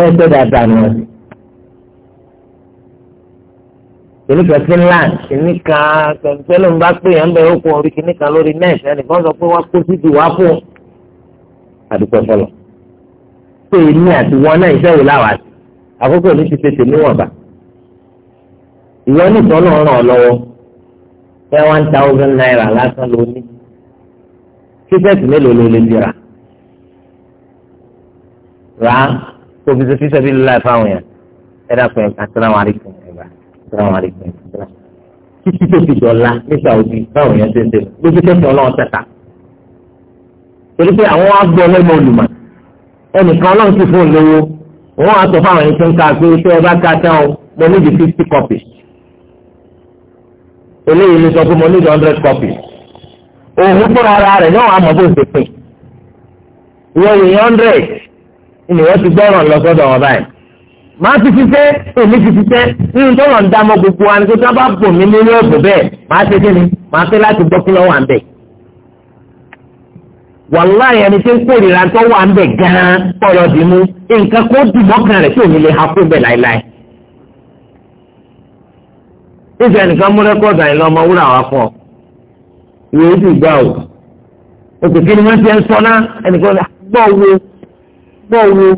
rẹ̀ ló pé kìnnìkan finland kìnnìkan pẹ̀lú ń bá pè yẹn ń bẹ okùn orí kìnnìkan lórí net ẹnìkan sọ pé wọ́n kó síbi wá fún àdúgbò fọlọ. pé èmi àti wọn náà iṣẹ́ wò láwàá sí àkókò ní ti tètè níwọ̀nba. ìwọ nìkan náà ràn ọ́ lọ́wọ́ pé one thousand naira lásán ló ní. kíkẹ́tì mélòó ló lè dira? rà á kó fi ṣe fi ṣe bí lílá yẹn ẹ̀dá pẹ̀lú àti náà wà á sàlámù alaykum títí tó fi dọ̀la ní Saudi báwọn yẹn ṣe ń ṣe lójú tẹ̀sán ọlọ́run tẹ̀ta torí pé àwọn wá gbọ́ lẹ́nu olùmọ̀ ẹnìkan ọlọ́run ti fún un lówó wọ́n á sọ fáwọn ẹni tó ń ka pé pé ẹ bá ka tán o mo ní di fifty copies eléyìí ló sọ pé mo ní di hundred copies òun fúnra ara rẹ̀ náà àmọ́ bó ṣe pín ìwọ èèyàn hundred ni wọ́n ti gbọ́ràn lọ sọ́dọ̀ wọn báyìí màá ti fífẹ́ èmi ti fífẹ́ nínú tọ́lọ̀ ń dámọ́ gbogbo wa ni pé tí wọ́n bá bò mí lórí ọ̀gbọ̀n bẹ́ẹ̀ màá ṣe kí ni màá fẹ́ láti gbọ́ kí lọ́wọ́ à ń bẹ̀. wàláyé ẹni tí ń kórìíra tó wà ń bẹ̀ gan-an pọ̀lọ̀ dì mú nǹkan kó dì mọ́kàn rẹ̀ tí òun lè ha kó bẹ̀ láéláé. ìfẹ́ nìkan mú rẹ́kọ̀dù àyìn lọ́mọ wúrà wá fún ìwé ojú ìgbà o òkè kí ni wọ́n ti ń sọ náà ẹnìkan gbọ́ wo gbọ́ wo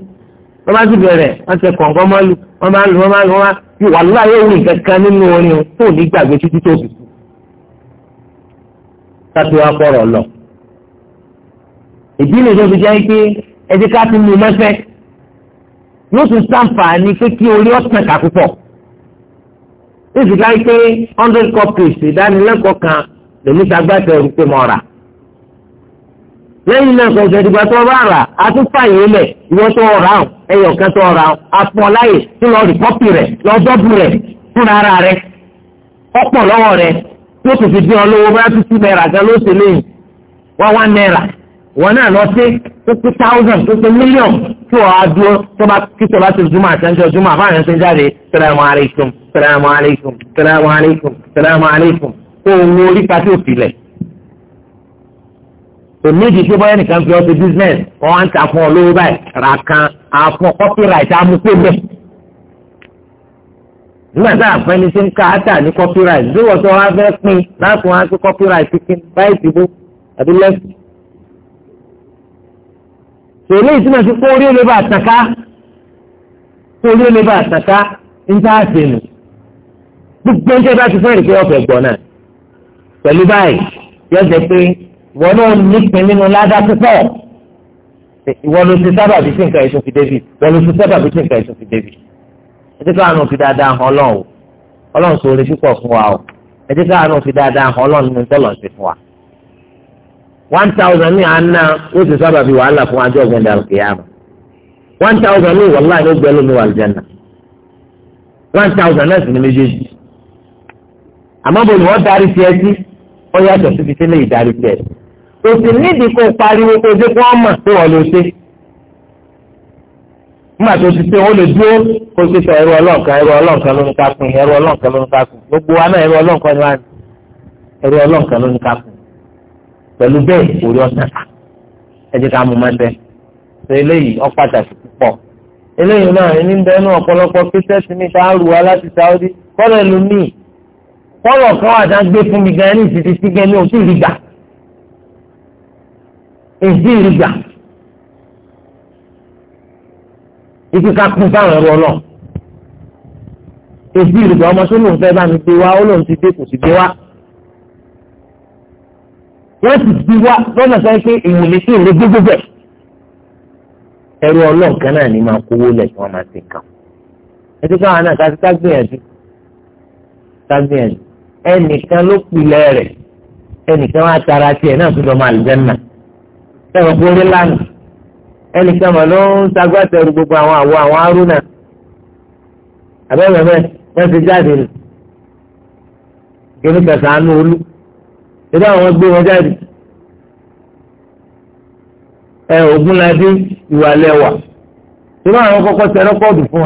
wọ́n bá ti bẹ̀rẹ̀ wọ́n ti kọ̀ǹkọ́ máa lu wọ́n máa lu wọ́n máa lu wọ́n máa yóò wà láyé orin kankan nínú orin o tó ní gbàgbé títí tó fi. sátú wa kọ̀rọ̀ lọ. ìdí nìyẹn tó fi jẹ́ pé ẹtí ká ti mú mẹ́fẹ́ yóò tún sàǹfààní pé kí orí ọ̀sán kà púpọ̀. ní ìsìnká pé hundred copies ìdánilẹ́kọ̀ọ́ kan lèmi sagbátẹ̀ rú pé mo rà lẹ́yìn náà sọ̀tẹ̀ ìdìgbà tó bá rà á tún fàyè lẹ̀ ìwọ tó rà ó ẹyọ kan tó rà ó àpọ̀ láyè tí lọ rí kọ́pì rẹ̀ lọ dọ́bù rẹ̀ fúnra ara rẹ̀ ọ̀pọ̀ lọ́wọ́ rẹ̀ tó tó fi dín ọ lówó bá tún tún náírà gan ló ṣe lẹ́yìn wá wá náírà wọn náà lọ sí tó ti táwùsàn tó tó a dúró tó bá kí tó bá ti jùmọ̀ àtẹnjọ jùmọ̀ àbá àyànṣe jáde salamu alaykum salamu alaykum salamu onídìí pé bọ́yá nìkan fi ọtí business wọ́n wá ń ta fún ọ lówó báyìí ra kan àfọ copyright amúpébẹ̀. nígbà tá a fẹ́ ni ṣe ń ka átà ní copyright bí wọ́n sọ wá fẹ́ pín láti wọ́n á pé copyright pín báyìí ti bó àbí lẹ́sìn. tòlé ìtumọ̀ sí pé orí ó lè bá àtàká orí ó lè bá àtàká ń tá a ṣe nù. gbogbo ń tẹ́ bá ti fẹ́ rí pé ọ̀fẹ́ gbọ́ náà pẹ̀lú báyìí yọ wọn náà nípìn nínú ládàá púpọ̀ ìwọ ló ti sábà bí sí nǹkan èso fi débi ìwọ ló ti sábà bí sí nǹkan èso fi débi ẹ jẹ́ káwọn náà fi dáadáa hàn ọlọ́run ọlọ́run sọ̀rọ̀ púpọ̀ fún wa o ẹ jẹ́ káwọn náà fi dáadáa hàn ọlọ́run nínú tọ́lọ̀ sí fún wa. one thousand ní àná ó ti sábà bí wàhálà fún ajọ́ ọ̀gbẹ́ndà kìyàmù one thousand ní ìwọ̀lá ló gbẹ lómi wà lùjẹ́nà one thousand náà sì ní méjèèjì àmọ́ bòlù wọ́n darí tiẹ̀ sí ó yàtọ̀ síbi tí lè darí tiẹ̀ sí kò sì nídìí kó pariwo kó dé kó ọmọ tó wọ ló ṣe nígbà tó ti ṣe wọn lè dúró kó sì sọ ẹrú ọlọ́ọ̀kan ẹrú ọlọ́ọ̀kan ló ń ká fún ẹrú ọlọ́ọ̀kan ló ń ká fún gbogbo wa náà ẹrú ọlọ́ọ̀kan ni wá ní ẹrú ọlọ́ọ̀kan ló ń ká fún pẹ̀lú bẹ́ẹ̀ orí ọ̀sán ẹ jẹ́ ká mú mẹ́tẹ́ ṣe eléyìí ó pàtàkì púpọ̀ eléyìí náà ẹni ń bẹnu ọ̀pọ̀lọpọ̀ kíṣẹ́sì mi ká rù wá láti Saudi kọ́lọ̀ ẹlòmíì kọ́lọ̀ kan àdágbé fún mi gan ẹni ìsìtì sí gan ní òtún èdè ìrìgbà ike ká kún fáwọn ẹrú ọlọ èdè ìrìgbà ọmọ tó lòun fẹ́ bá mi gbé wá ó lòun ti dé kò sì gbé wá wọ́n sì ti wá lọ́nà sọ pé ìwòlè sí ìrè gbogbo bẹ̀ ẹrú ọlọ náà ni máa kówó lẹ̀ tí wọ́n máa ti kàn ẹ ti káwọn náà ká ti ká gbìyànjú ká gbìyànjú ẹnìkan ló pilẹ̀ rẹ̀ ẹnìkan wá tara tiẹ̀ náà tó lọ́ máa lè jẹ́ náà ẹ̀rọ kórè lánàá ẹnìkan mọ̀ ló ń sagbátẹrù gbogbo àwọn àwọ àwọn arúnà abẹ́rẹ́ bẹ́ẹ̀ wọ́n ti jáde nù kìnnìkan sànú olú ìdá àwọn gbé wọn jáde ẹ Ògúnládé ìwà lẹ́wà ìdá àwọn kọ́kọ́ tẹ rẹ́kọ́ọ̀dù fún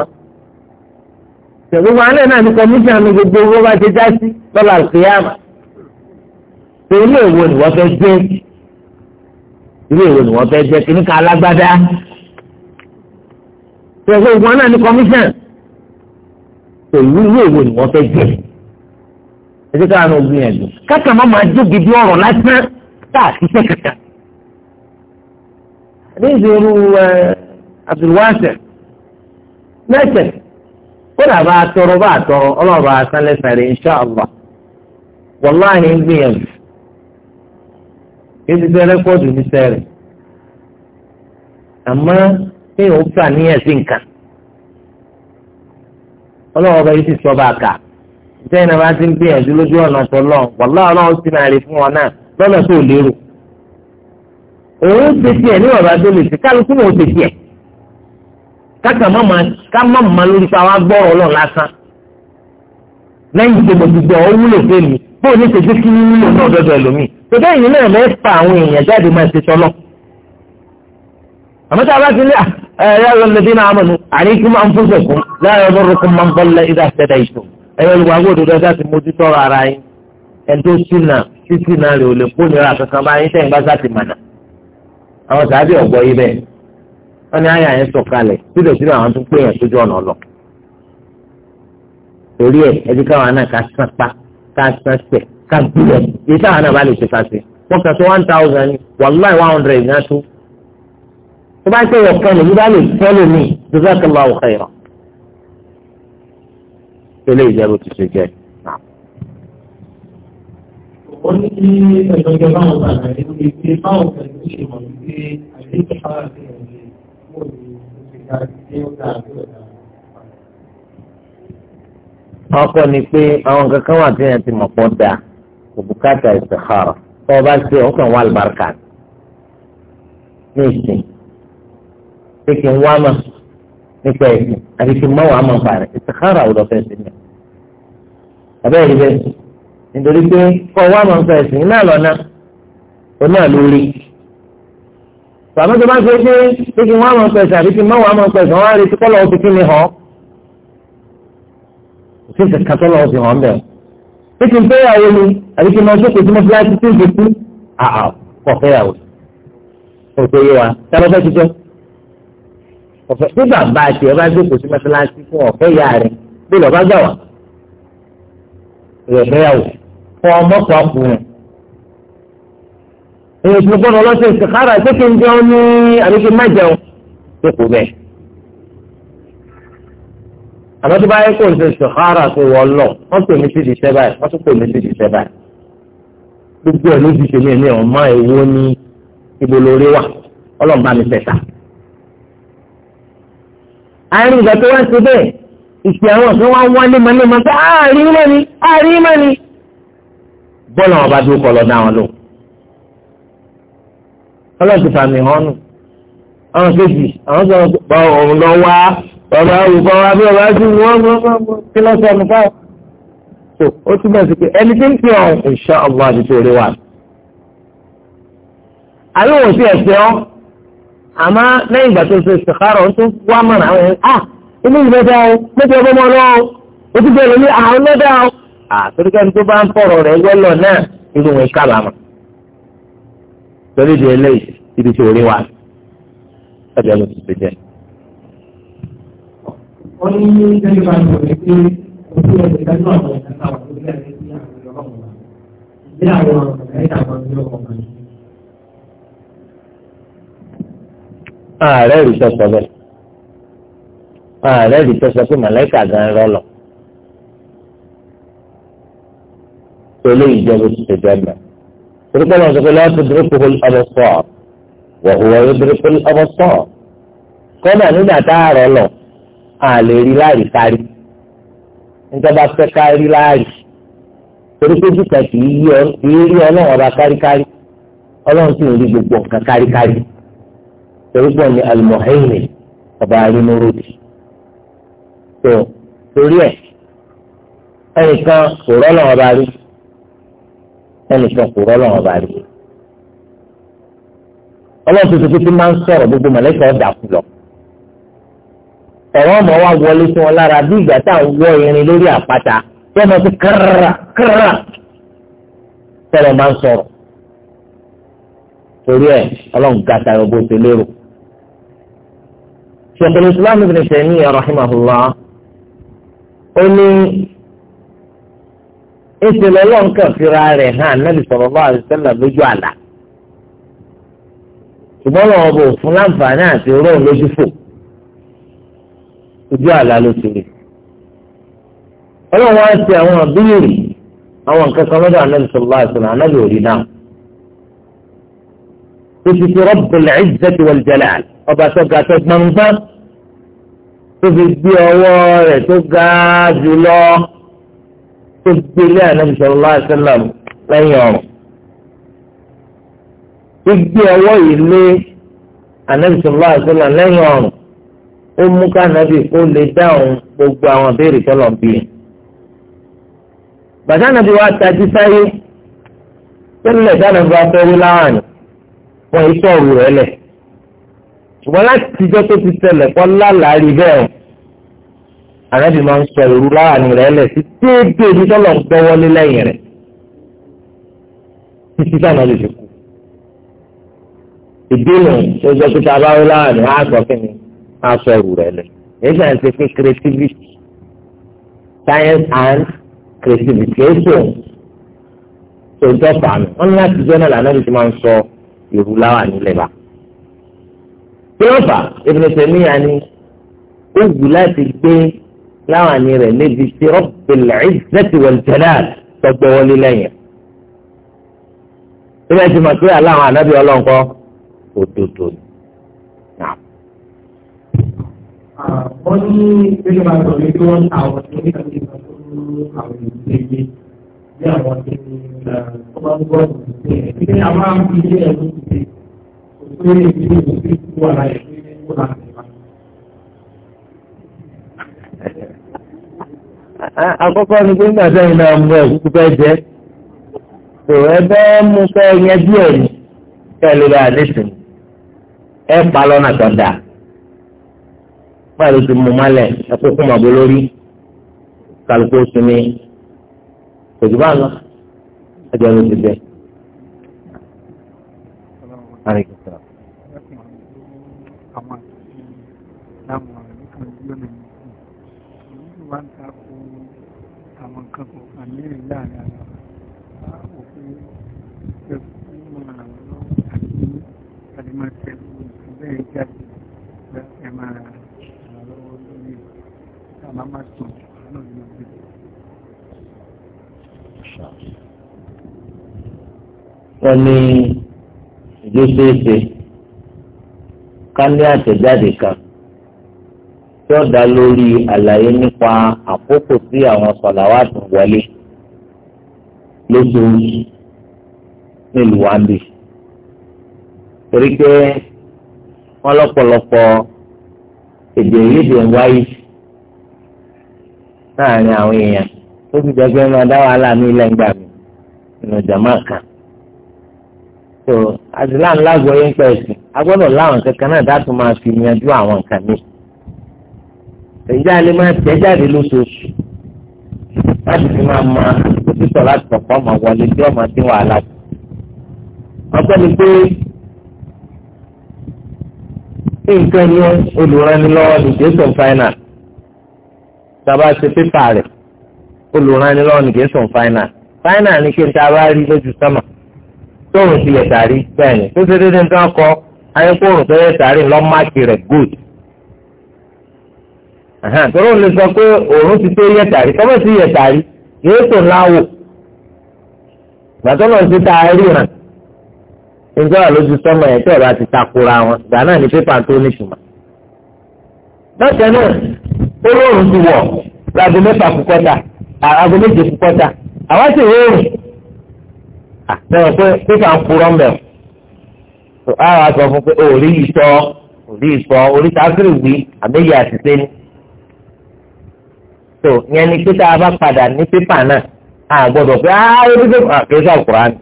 wa gbogbo alẹ́ náà ní kọmíṣán ní gbogbo owó bá ti já sí lọ́la àlùkìyàmà torí èèwọ̀ ni wọ́n fẹ́ gbé ilé ìwé ni wọ́n fẹ́ jẹ́ kí níka alágbádá tẹ̀sán ìwọ̀n náà ní kọmíṣàn tó ìwé ilé ìwé ni wọ́n fẹ́ jẹ́ ẹ̀sìn káwọn náà gbìyànjú káàkiri àwọn máa jó gidi ọ̀rọ̀ lásán tá a ti tẹ̀ kàkà. ní ìṣòro Abdulwasir mẹ́tẹ̀ kódà bá a tọrọ bá tọrọ ọlọ́ọ̀bá a sálẹ̀ sàrẹ̀ inṣàlá wàláhìn gbìyànjú ìṣiṣẹ́ rẹ́kọ́ọ̀dù níṣẹ́ rẹ̀ àmọ́ ní òun fà níyẹn sí nǹkan ọlọ́wọ́ ọba yìí sì sọ bá a kà sẹ́yìn náà bá ti ń gbìyànjú lójú ọ̀nà tó lọ wàlá ọlọ́run sì máa rí fún wọn náà lọ́nà tó lérò òun ṣe tiẹ̀ ní ọ̀rọ̀ adó lè ṣe kálukú náà ó ṣe tiẹ̀ káka má ma ká má ma lórí pa wá gbọ́ ọ̀rọ̀ lásán lẹ́yìn tó mo ti gbọ́ ọ wúlò fún mi bóun ní ṣèjú kí nínú ọ̀nà ọ̀dọ́dọ̀ ẹlòmíì tó bẹ́ẹ̀ yìí náà lẹ́ẹ̀pa àwọn èèyàn jáde máa ṣe tọ́lọ́ àmọ́ tá a bá ti ní ẹ̀yà ọlọ́dún náà amanu alaykum anfusakum la yadurrukum man dalla idha ihtadaytum ẹ̀yà olùwà gbọ́dọ̀ dọ́dọ́ ti mójútó ara yín ẹ̀dọ́ sínà títí náà rè ò lè kó nira kankan báyìí tẹ̀ ń bá sá ti mànà àwọn sàbí ọ̀gbọ́ yìí bẹ́ẹ̀ wọ́n ní àyà yẹn sọ̀kalẹ̀ síbẹ̀síbẹ̀ àwọn tún pé yẹn sójú ọ̀nà lọ torí ẹ̀ ẹ̀dí káwọn náà ká sápá ká san sẹ̀ ká gbúlẹ̀ yìí táwọn náà bá lè ṣe ká ṣe wọ́n kà sí one thousand wàláì one hundred náà tó tó bá ń tẹ̀ wọ̀ kan bá lè fẹ́ lómi jazakallahu khairan tẹ́lẹ̀ ìjẹ́rù ti ṣe jẹ́ ó ní kí ẹ̀jọ̀ ìjọba àwọn bàbá rẹ̀ ló lè gbé báwọn pẹ̀lú ìṣèwọ̀n wípé àdéhùn bá ẹ̀jẹ̀ kúrò ní oṣù ká ní ó dáa tó wọn kọ́ ni pé àwọn kankan wà tí yẹn ti mọ̀ pọ̀ dáa kò bùkátà ìsèkárà tó o bá ṣe o kàn wá àlùbáríkà ní ìsìn pé kí n wá mà nípa ìsìn àti kí n má wà á mà parẹ́ ìsèkárà ò lọ fẹ́ sí mi. àbẹ́rẹ́ bẹ́ẹ̀ nítorí pé kọ́ wá mà nípa ìsìn náà lọ́nà oní àlórí. bàbá tó bá ṣe pé kí n wá mà nípa ìsìn àti kí n má wà á nípa ìsìn wọn á retí kọ́ lọ́wọ́ fi kí ni hàn sí kankan tó lọ́wọ́ sí hàn bẹ́ẹ̀. bí kì í fẹ́ yàwó ni àbí kì í máa jókòó tí mo fi láti tí ń fi kú àà kọ̀ fẹ́ yàwó. kò tó yé wa tábà fẹ́ tijọ́. ọ̀fẹ́ bí bàbá àti ẹ̀ bá jókòó sí mọ́ṣáláṣí fún ọ̀fẹ́ yà rẹ̀ bí lọ́ba gbà wá. ìrẹ̀fẹ́ yàwó fọ ọmọ kan kù rẹ̀. èyí ti gbọ́dọ̀ lọ́sẹ̀ ìsìkára ìpínlẹ̀ jẹun ní àbí kì í má jẹun. jókòó bẹ́ẹ̀ àmọ́ tó bá yẹ kó n ṣe sọ̀hárà tó wọ lọ wọ́n pè mí sí di sẹ́bà yìí wọ́n tún pè mí sí di sẹ́bà yìí gbogbo ẹ̀ ló ti ṣe mí ẹ̀mí ọ̀ma èwo ní ibo lórí wà ọlọ́mọba mi fẹ̀ta. àárín ìgbà tó wá sí bẹ́ẹ̀ ìpè àwọn kan wá wá lémaléma pé àárín ah, mọ́ ni àárín mọ́ ni bọ́ọ̀lù àwọn bá dúró kọ́ lọ dá wọn lò. ọlọ́ọ̀tì fàmì hàn bàbá àwùkọ́ wa bí ọba sí wọ́n mọ́ kí lọ́ sọ ọmọ fáwọn. so ó túbọ̀ sí pé ẹni tí ń pè ọ́ ìṣá ọba àdìsí orí wa. àbí wò sí ẹ̀sẹ̀ ọ́ àmọ́ lẹ́yìn ìgbà tó ṣe ṣèkárọ̀ tó wá mọ̀nà àwọn ẹ̀yìn ah inú ìlú mẹ́ta o mẹ́ta ọgbọ́n mọ́ lọ́wọ́ o ti bẹ̀rẹ̀ ní àwọn mẹ́ta o. àtúrúkẹ́ni tó bá ń fọ̀rọ̀ rẹ̀ wẹ́lọ̀ náà irú wọn ó ní lẹ́yìn bá sọ̀rọ̀ pé ojú ẹ̀sẹ̀ kan náà lọ ìdáta wà lórí ẹ̀rẹ́ sí àwọn ìyọ́rọ̀ wọn ìdí àwọn ọ̀rẹ́ àwọn ìyọ́rọ̀ wọn. ààrẹ rí sọsọ bẹ́ẹ̀ ààrẹ rí sọsọ pé màláìkà gan rọlọ pẹ̀lú ìjọba ti ṣe bẹ́ẹ̀ wọn sọ pé lọ́wọ́ tó dúró kókó ọbọ̀ sọ̀ọ́ wọ̀ hùwà yóò dúró kókó ọbọ̀ sọ̀ọ́ kọ́nà nígbà tá a rọ̀ lọ a lè rí láàrí kárí níjọba fẹ́ kárí láàrí torí pé jùlọ kì í yí ọlọ́run ọba káríkárí ọlọ́run sì ń rí gbogbo nǹkan káríkárí torí pé ní alimọ̀hẹ́yìnì ọba arínúròdì tó torí ẹ̀ ẹnìkan kò rọ́lọ́run ọba rí ẹnìkan kò rọ́lọ́run ọba rí ọlọ́run tuntun tó ti máa ń sọ̀rọ̀ gbogbo mọ̀lẹ́kọ̀ọ́ dàkú lọ ọ̀rọ̀ ọmọ wa wọlé sí wọn lára bí ìgbà tá à ń wọ irin lórí àpáta yóò máa fi kárà kárà tẹ́lẹ̀ máa ń sọ̀rọ̀ torí ẹ̀ ọlọ́run ga tayọ bó ṣe lérò. Shaykhul Islam Ibn Taymiyyah rahimahullah ó ní ìṣẹ̀lẹ̀ ọlọ́nkàn fira rẹ̀ hàn Nabi sallallahu alaihi wasallam lójú àlá ṣùgbọ́n lọ́wọ́ bò fún láǹfààní àti rọ́ọ̀ lójú fò ojú àlá ló ti rí ọlọ́run wá ṣe àwọn àbúrò àwọn nǹkan kan lọ́dọ̀ ànábì sọ̀rọ̀ àṣìlá ànábì ò rí náà títí ti Rabbul Izzati wal Jalal ọba sọ́gà tó gbangba tó fi gbé ọwọ́ rẹ̀ tó ga jùlọ tó gbé ilé ànábì sọ̀rọ̀ àṣìlá lẹ́yìn ọ̀rùn gbígbé ọwọ́ yìí lé ànábì sọ̀rọ̀ àṣìlá lẹ́yìn ọ̀rùn ó mú kánábì kó lè dáhùn gbogbo àwọn ìbéèrè tọ́lọ̀ bí i. bàtà nàbí wa tají sáyé tẹ́lẹ̀ dánábì wa fẹ́ẹ́ láwàní wọn yìí sọ̀rọ̀ rẹ̀ lẹ̀. ṣùgbọ́n láti tijọ́ tó ti ṣẹlẹ̀ kọ́ lálàárí bẹ́ẹ̀ o ànábì máa ń sọ ìrú láwàní rẹ̀ lẹ̀ sí déédéé ibi tọ́lọ̀ ń gbọ́wọ́lé lẹ́yìn rẹ̀ títí táwọn lè fi kú. ìdí nù tó jẹ́ pé tá bá wí láwàní á aṣọ ẹrù rẹ lẹ èyí ṣe à ń ṣe pé creativity science and creativity kìí ṣe tó ń tọ́pọ̀ àmì wọn ní láti jẹ́ náà lànà bí ti máa ń sọ ìrù láwà nílẹ̀ bá. tí wọ́n fà Ibn Taymiyyah ni ó wù láti gbé láwà ní rẹ̀ níbi tí Rabbil Izzati wal Jalal tọgbọ́ wọlé lẹ́yìn. ìrẹsì màtúwẹ̀ aláwọn ànábì òdòdó ni wọ́n ah, ní gbẹ́gbẹ́ bá sọ̀rọ̀ pé wọ́n ta àwọn ní oníkàtí ìgbà tó ní àwọn ìgbéyé bí àwọn tí ah, ó máa ń gbọ́ ìgbé ẹ̀ pé a máa ń fi ilé ẹ̀ ní ìgbé òṣèré ìgbé òṣèré ìgbé wà láyé pé ó là ń tẹ̀lé. Àkọ́kọ́ ni pé nígbà sẹ́yìn náà mú ẹ̀kú fẹ́ jẹ́ tò ẹ bẹ́ mú fẹ́ yẹn díẹ̀ ní kẹ́lẹ́ bá a pa lọ́nà tó dáa fáìlì ti mú malẹ̀ ẹ̀kọ́ kó màbó lórí kálukú sinmi kò jù bá lọ ẹjọ́ ló ti bẹ̀. Àwọn kan kò wọ́n ní ìjó ṣeéṣe ká ní àtẹ̀jáde kan tí ó dá lórí àlàyé nípa àkókò tí àwọn sọ̀làwàtì wọlé lóṣooṣù nílùú wambi torí pé wọ́n lọ́pọ̀lọpọ̀ èdè ìlédè ń wáyé láàrin àwọn èèyàn ó ti jẹ́ pé wọ́n dá wàhálà ní ilẹ̀ ń gbà mí nínú jàmáà kan tó àdúrà ńlá gbọ́ yín pẹ́ sí agbọ́dọ̀ láwọn kankan náà dátú máa fi yanjú àwọn nǹkan mi. ìjà lè máa tẹ́ jáde lóṣooṣù láti fi máa ma òtítọ́ láti kọ̀kọ́ máa wọlé bí ọmọ tí wàhálà tó. ọpẹ́ ni pé nǹkan ní olùrànilọ́wọ́ ní jason final tàbá ṣe pépà rẹ̀ olùrànilọ́wọ́ ní jason final final ni kí n ta bá rí lójú sọ́mà. tóun ti yẹ sàárì bẹ́ẹ̀ ni tó ṣe déédéé nǹkan kọ ayékòrò tó yẹ sàárì lọ́ máàkì rẹ̀ lè sọ pé òun ti tó yẹ sàárì kọ́mọ̀ sí yẹ sàárì yóò tó láwò gbàtọ́ náà ṣe tá a rí hàn nígbà wà lójú sọ́mọ yẹn wọn gbà náà ni pépà tó nítumọ̀. bákan náà olóòrùn ti wọ̀ láago mẹ́fà kúkọ́ta àago àtẹ̀wọ̀n ah, pé pípa ń purọ́ mbẹ̀ o á wà sọ fún pé òrí ìsọ òrí ìsọ oríta sírì wí àbẹ́yẹ àtìsẹ́ ni tó yẹn ni pé bá padà ní pípa náà a gbọ́dọ̀ pé á ó dúdú àkèésí àkùránì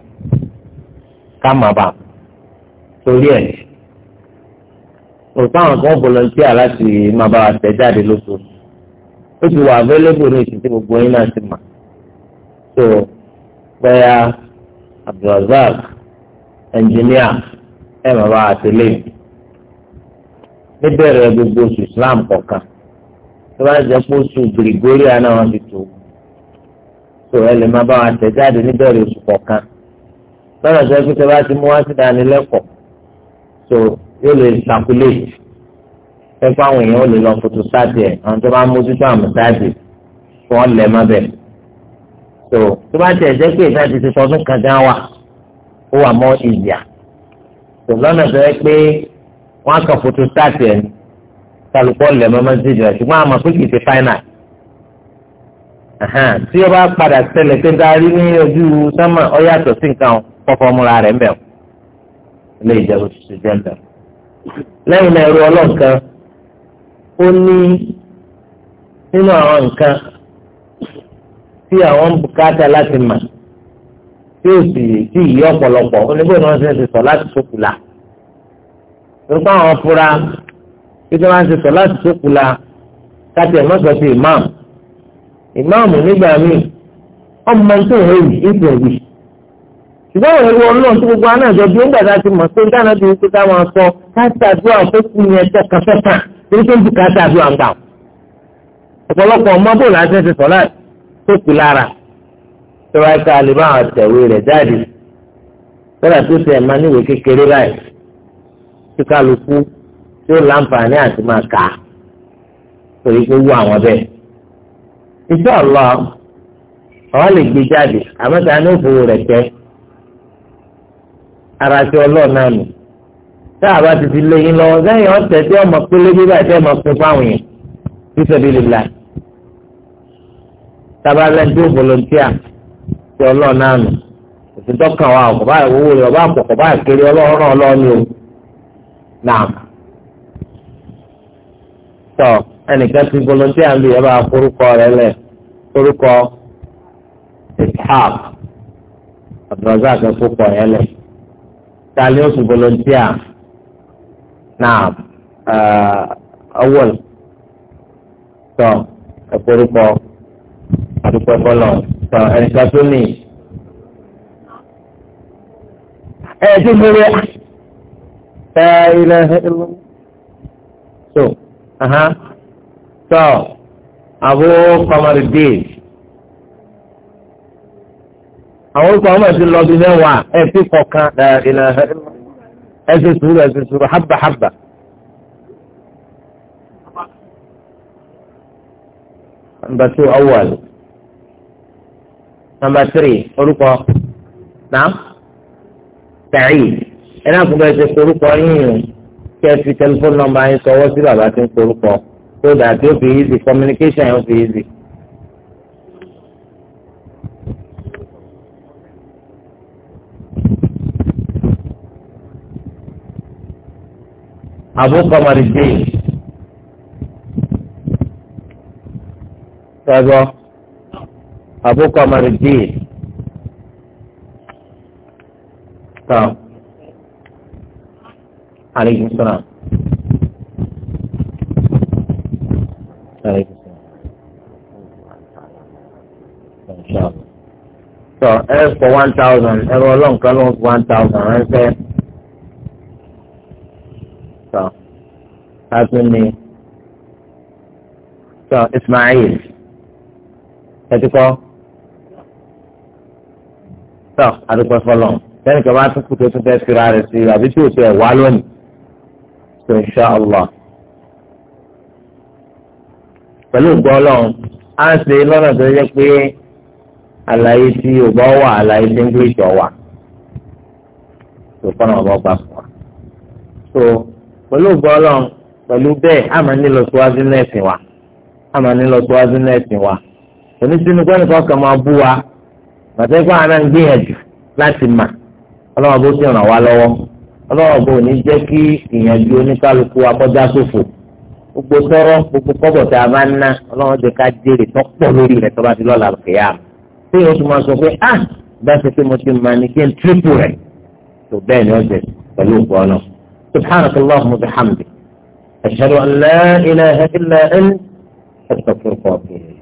ká má bà torí ẹ̀ òtún àwọn kan volunteer láti máa bá wa tẹ̀ jáde lóṣooṣù ó ti wà available ní ìsìn gbogbo yín náà ti mà so abdulrasaq ẹnjìníà ẹ̀ máa bá àtẹlẹ́ níbẹ̀rẹ̀ gbogbo oṣù islam kọ̀ọ̀kan tó bá jẹ́ pé oṣù gregoria náà wọ́n ti tó tó ẹ lè máa bá wa tẹ̀ jáde níbẹ̀rẹ̀ oṣù kọ̀ọ̀kan lọ́nà tó yẹ kó tó bá ti mú wá sí ìdánilẹ́kọ̀ọ́ tó yóò lè calculate fẹ́ fáwọn èèyàn ó lè lọ fòtò sáàtì ẹ̀ àwọn tó bá mójútó àmì sáàtì fún ọ lẹ́ẹ̀ tó tó bá tẹ̀ jẹ́ pé ìta ti ti tọdún kan gan wa ó wà mọ́ ìyà tó lọ́nà tó yẹ pé wọ́n á kàn fòtò táàtì ẹ̀ kálukọ́ lẹ̀ mọ́mọ́ sí ìjọba ṣùgbọ́n àmọ́ pé kì í ti fáínà tí ó bá padà ṣẹlẹ̀ pé darí ní ojú sánmà ọ yàtọ̀ sí nǹkan fọ́fọ́ rẹ̀ mẹ́ọ̀ ilé ìjẹun ti jẹ́ mẹ́ọ̀ lẹ́yìn náà ẹ̀rọ ọlọ́nkan ó ní nínú àwọn nǹkan tí àwọn ń bùkátà láti mà tí ó sì tí ìyí ọ̀pọ̀lọpọ̀ oníbò náà ṣe ń ṣe sọ láti sókùlà torí pé àwọn fura tí wọ́n máa ń ṣe sọ láti sókùlà káti ẹ̀ mọ́sọ̀ sí ìmáàmù ìmáàmù nígbà míì ọmọ tó ń rèé ìpè wì ṣùgbọ́n àwọn ẹrú ọlọ́run tó gbogbo anáàjọ bí ó ń gbàdá ti mọ̀ pé dáná ti ń pé ká máa sọ káṣí àdúrà fẹ́kù yẹn tọkàtọkà torí pé ń bùkátà àdúrà ń gbà ọ̀pọ̀lọpọ̀ ọmọ bò láti ṣe sọ láti tó kù lára tó bá ká lè bá àwọn àtẹ̀wé rẹ̀ jáde tọ́lá tó tẹ̀ máa níwèé kékeré báyìí tó kálukú tó láǹfààní àti máa kà á torí pé wú àwọn bẹ́ẹ̀. Insha Allah àwọn lè gbé jáde àmọ́ta ní òfòwò rẹ̀ tẹ́ ara ti ọlọ́ọ̀nà nù tá a bá ti fi lé yín lọ lẹ́yìn ọ̀sẹ̀ tí ọmọ pélébí báyìí tẹ́ ọmọ pín fáwọn yẹn fi sabilillah tabalẹ̀ ń dó volunteer ti ọlọ́ọ̀ náà nù òfin dọ́kàn wa ọ̀kọ̀ báyìí owó rẹ̀ ọba àpọ̀kọ̀ báyìí kiri ọlọ́run ọlọ́ọ̀ni o náà tọ ẹnìkan ti volunteer lu yẹn bá forúkọ rẹ lẹ forúkọ ishaq abdulrasaq forúkọ yẹn lẹ tani ó sì volunteer náà ọwọ́l tọ ẹ forúkọ àdúpẹ́ bọ́lọ̀ tàn ẹnìkan tó nì. ẹ ti múre ẹ ilẹ̀ so so àbó kọmọdé àwọn orúkọ àwọn ẹ̀sìn lọ́dún mẹ́wàá ẹ̀sìn kọ̀ọ̀kan ẹ̀sìn sùúrù ẹ̀sìn sùúrù hábà hábà. number two awal nọmba tírì orúkọ náà Sa'id ẹ náà kún bẹ́ẹ̀ ṣe korúkọ yíyan kí ẹ fi tẹlifóònù nọmba yín sọ ọwọ́ sí bàbá tí ń korúkọ so that yóò fi easy communication yóò fi easy. Abu Qamariddin. Sọ́gbọ́n. Abu Qamaruddin tán aleyhi sọlá aleyhi sọlá tọ ẹ fọ one thousand ẹ rọ ọlọ́nkan ló ń fọ one thousand ránṣẹ́ tọ látún ni tọ Ismail ẹ ti kọ́ tọ́ àdúpẹ́ fọlọ́ lẹ́nu kí wọ́n á tún kú tó tún fẹ́ fira rẹ̀ sí àbí tí òṣè wà lónìí tó ń ṣá ọlọ́ pẹ̀lú ìgbọ́ ọlọ́run á ń ṣe lọ́nà tó yẹ pé àlàyé tí ò bá wà àlàyé tí English ọ̀ wà tó fọ́nà ọ̀bọ̀ gbà fún wa. so pẹ̀lú ìgbọ́ ọlọ́run pẹ̀lú bẹ́ẹ̀ á máa nílò síwájú náà ẹ̀sìn wa á máa nílò síwájú náà ẹ̀sìn wa òní sínú kan máa bú wa pàtẹ́ kó àná ń gbìyànjú láti mà ọlọ́wọ́ bó sì ràn wá lọ́wọ́ ọlọ́wọ́ bó ní jẹ́ kí ìyànjú oníkálukú akọ́já ṣòfò gbogbo tọrọ gbogbo kọ́bọ̀ tá a bá ń ná ọlọ́wọ́ jẹ́ ká jèrè tó pọ̀ lórí rẹ̀ tó bá ti lọ́la kìyà tí yóò tún máa sọ pé ah bá ṣe pé mo ti mà ní kí n tírípù rẹ̀ tó bẹ́ẹ̀ ni ó jẹ pẹ̀lú òkú ọ̀nà subhanaka wa bihamdik ashhadu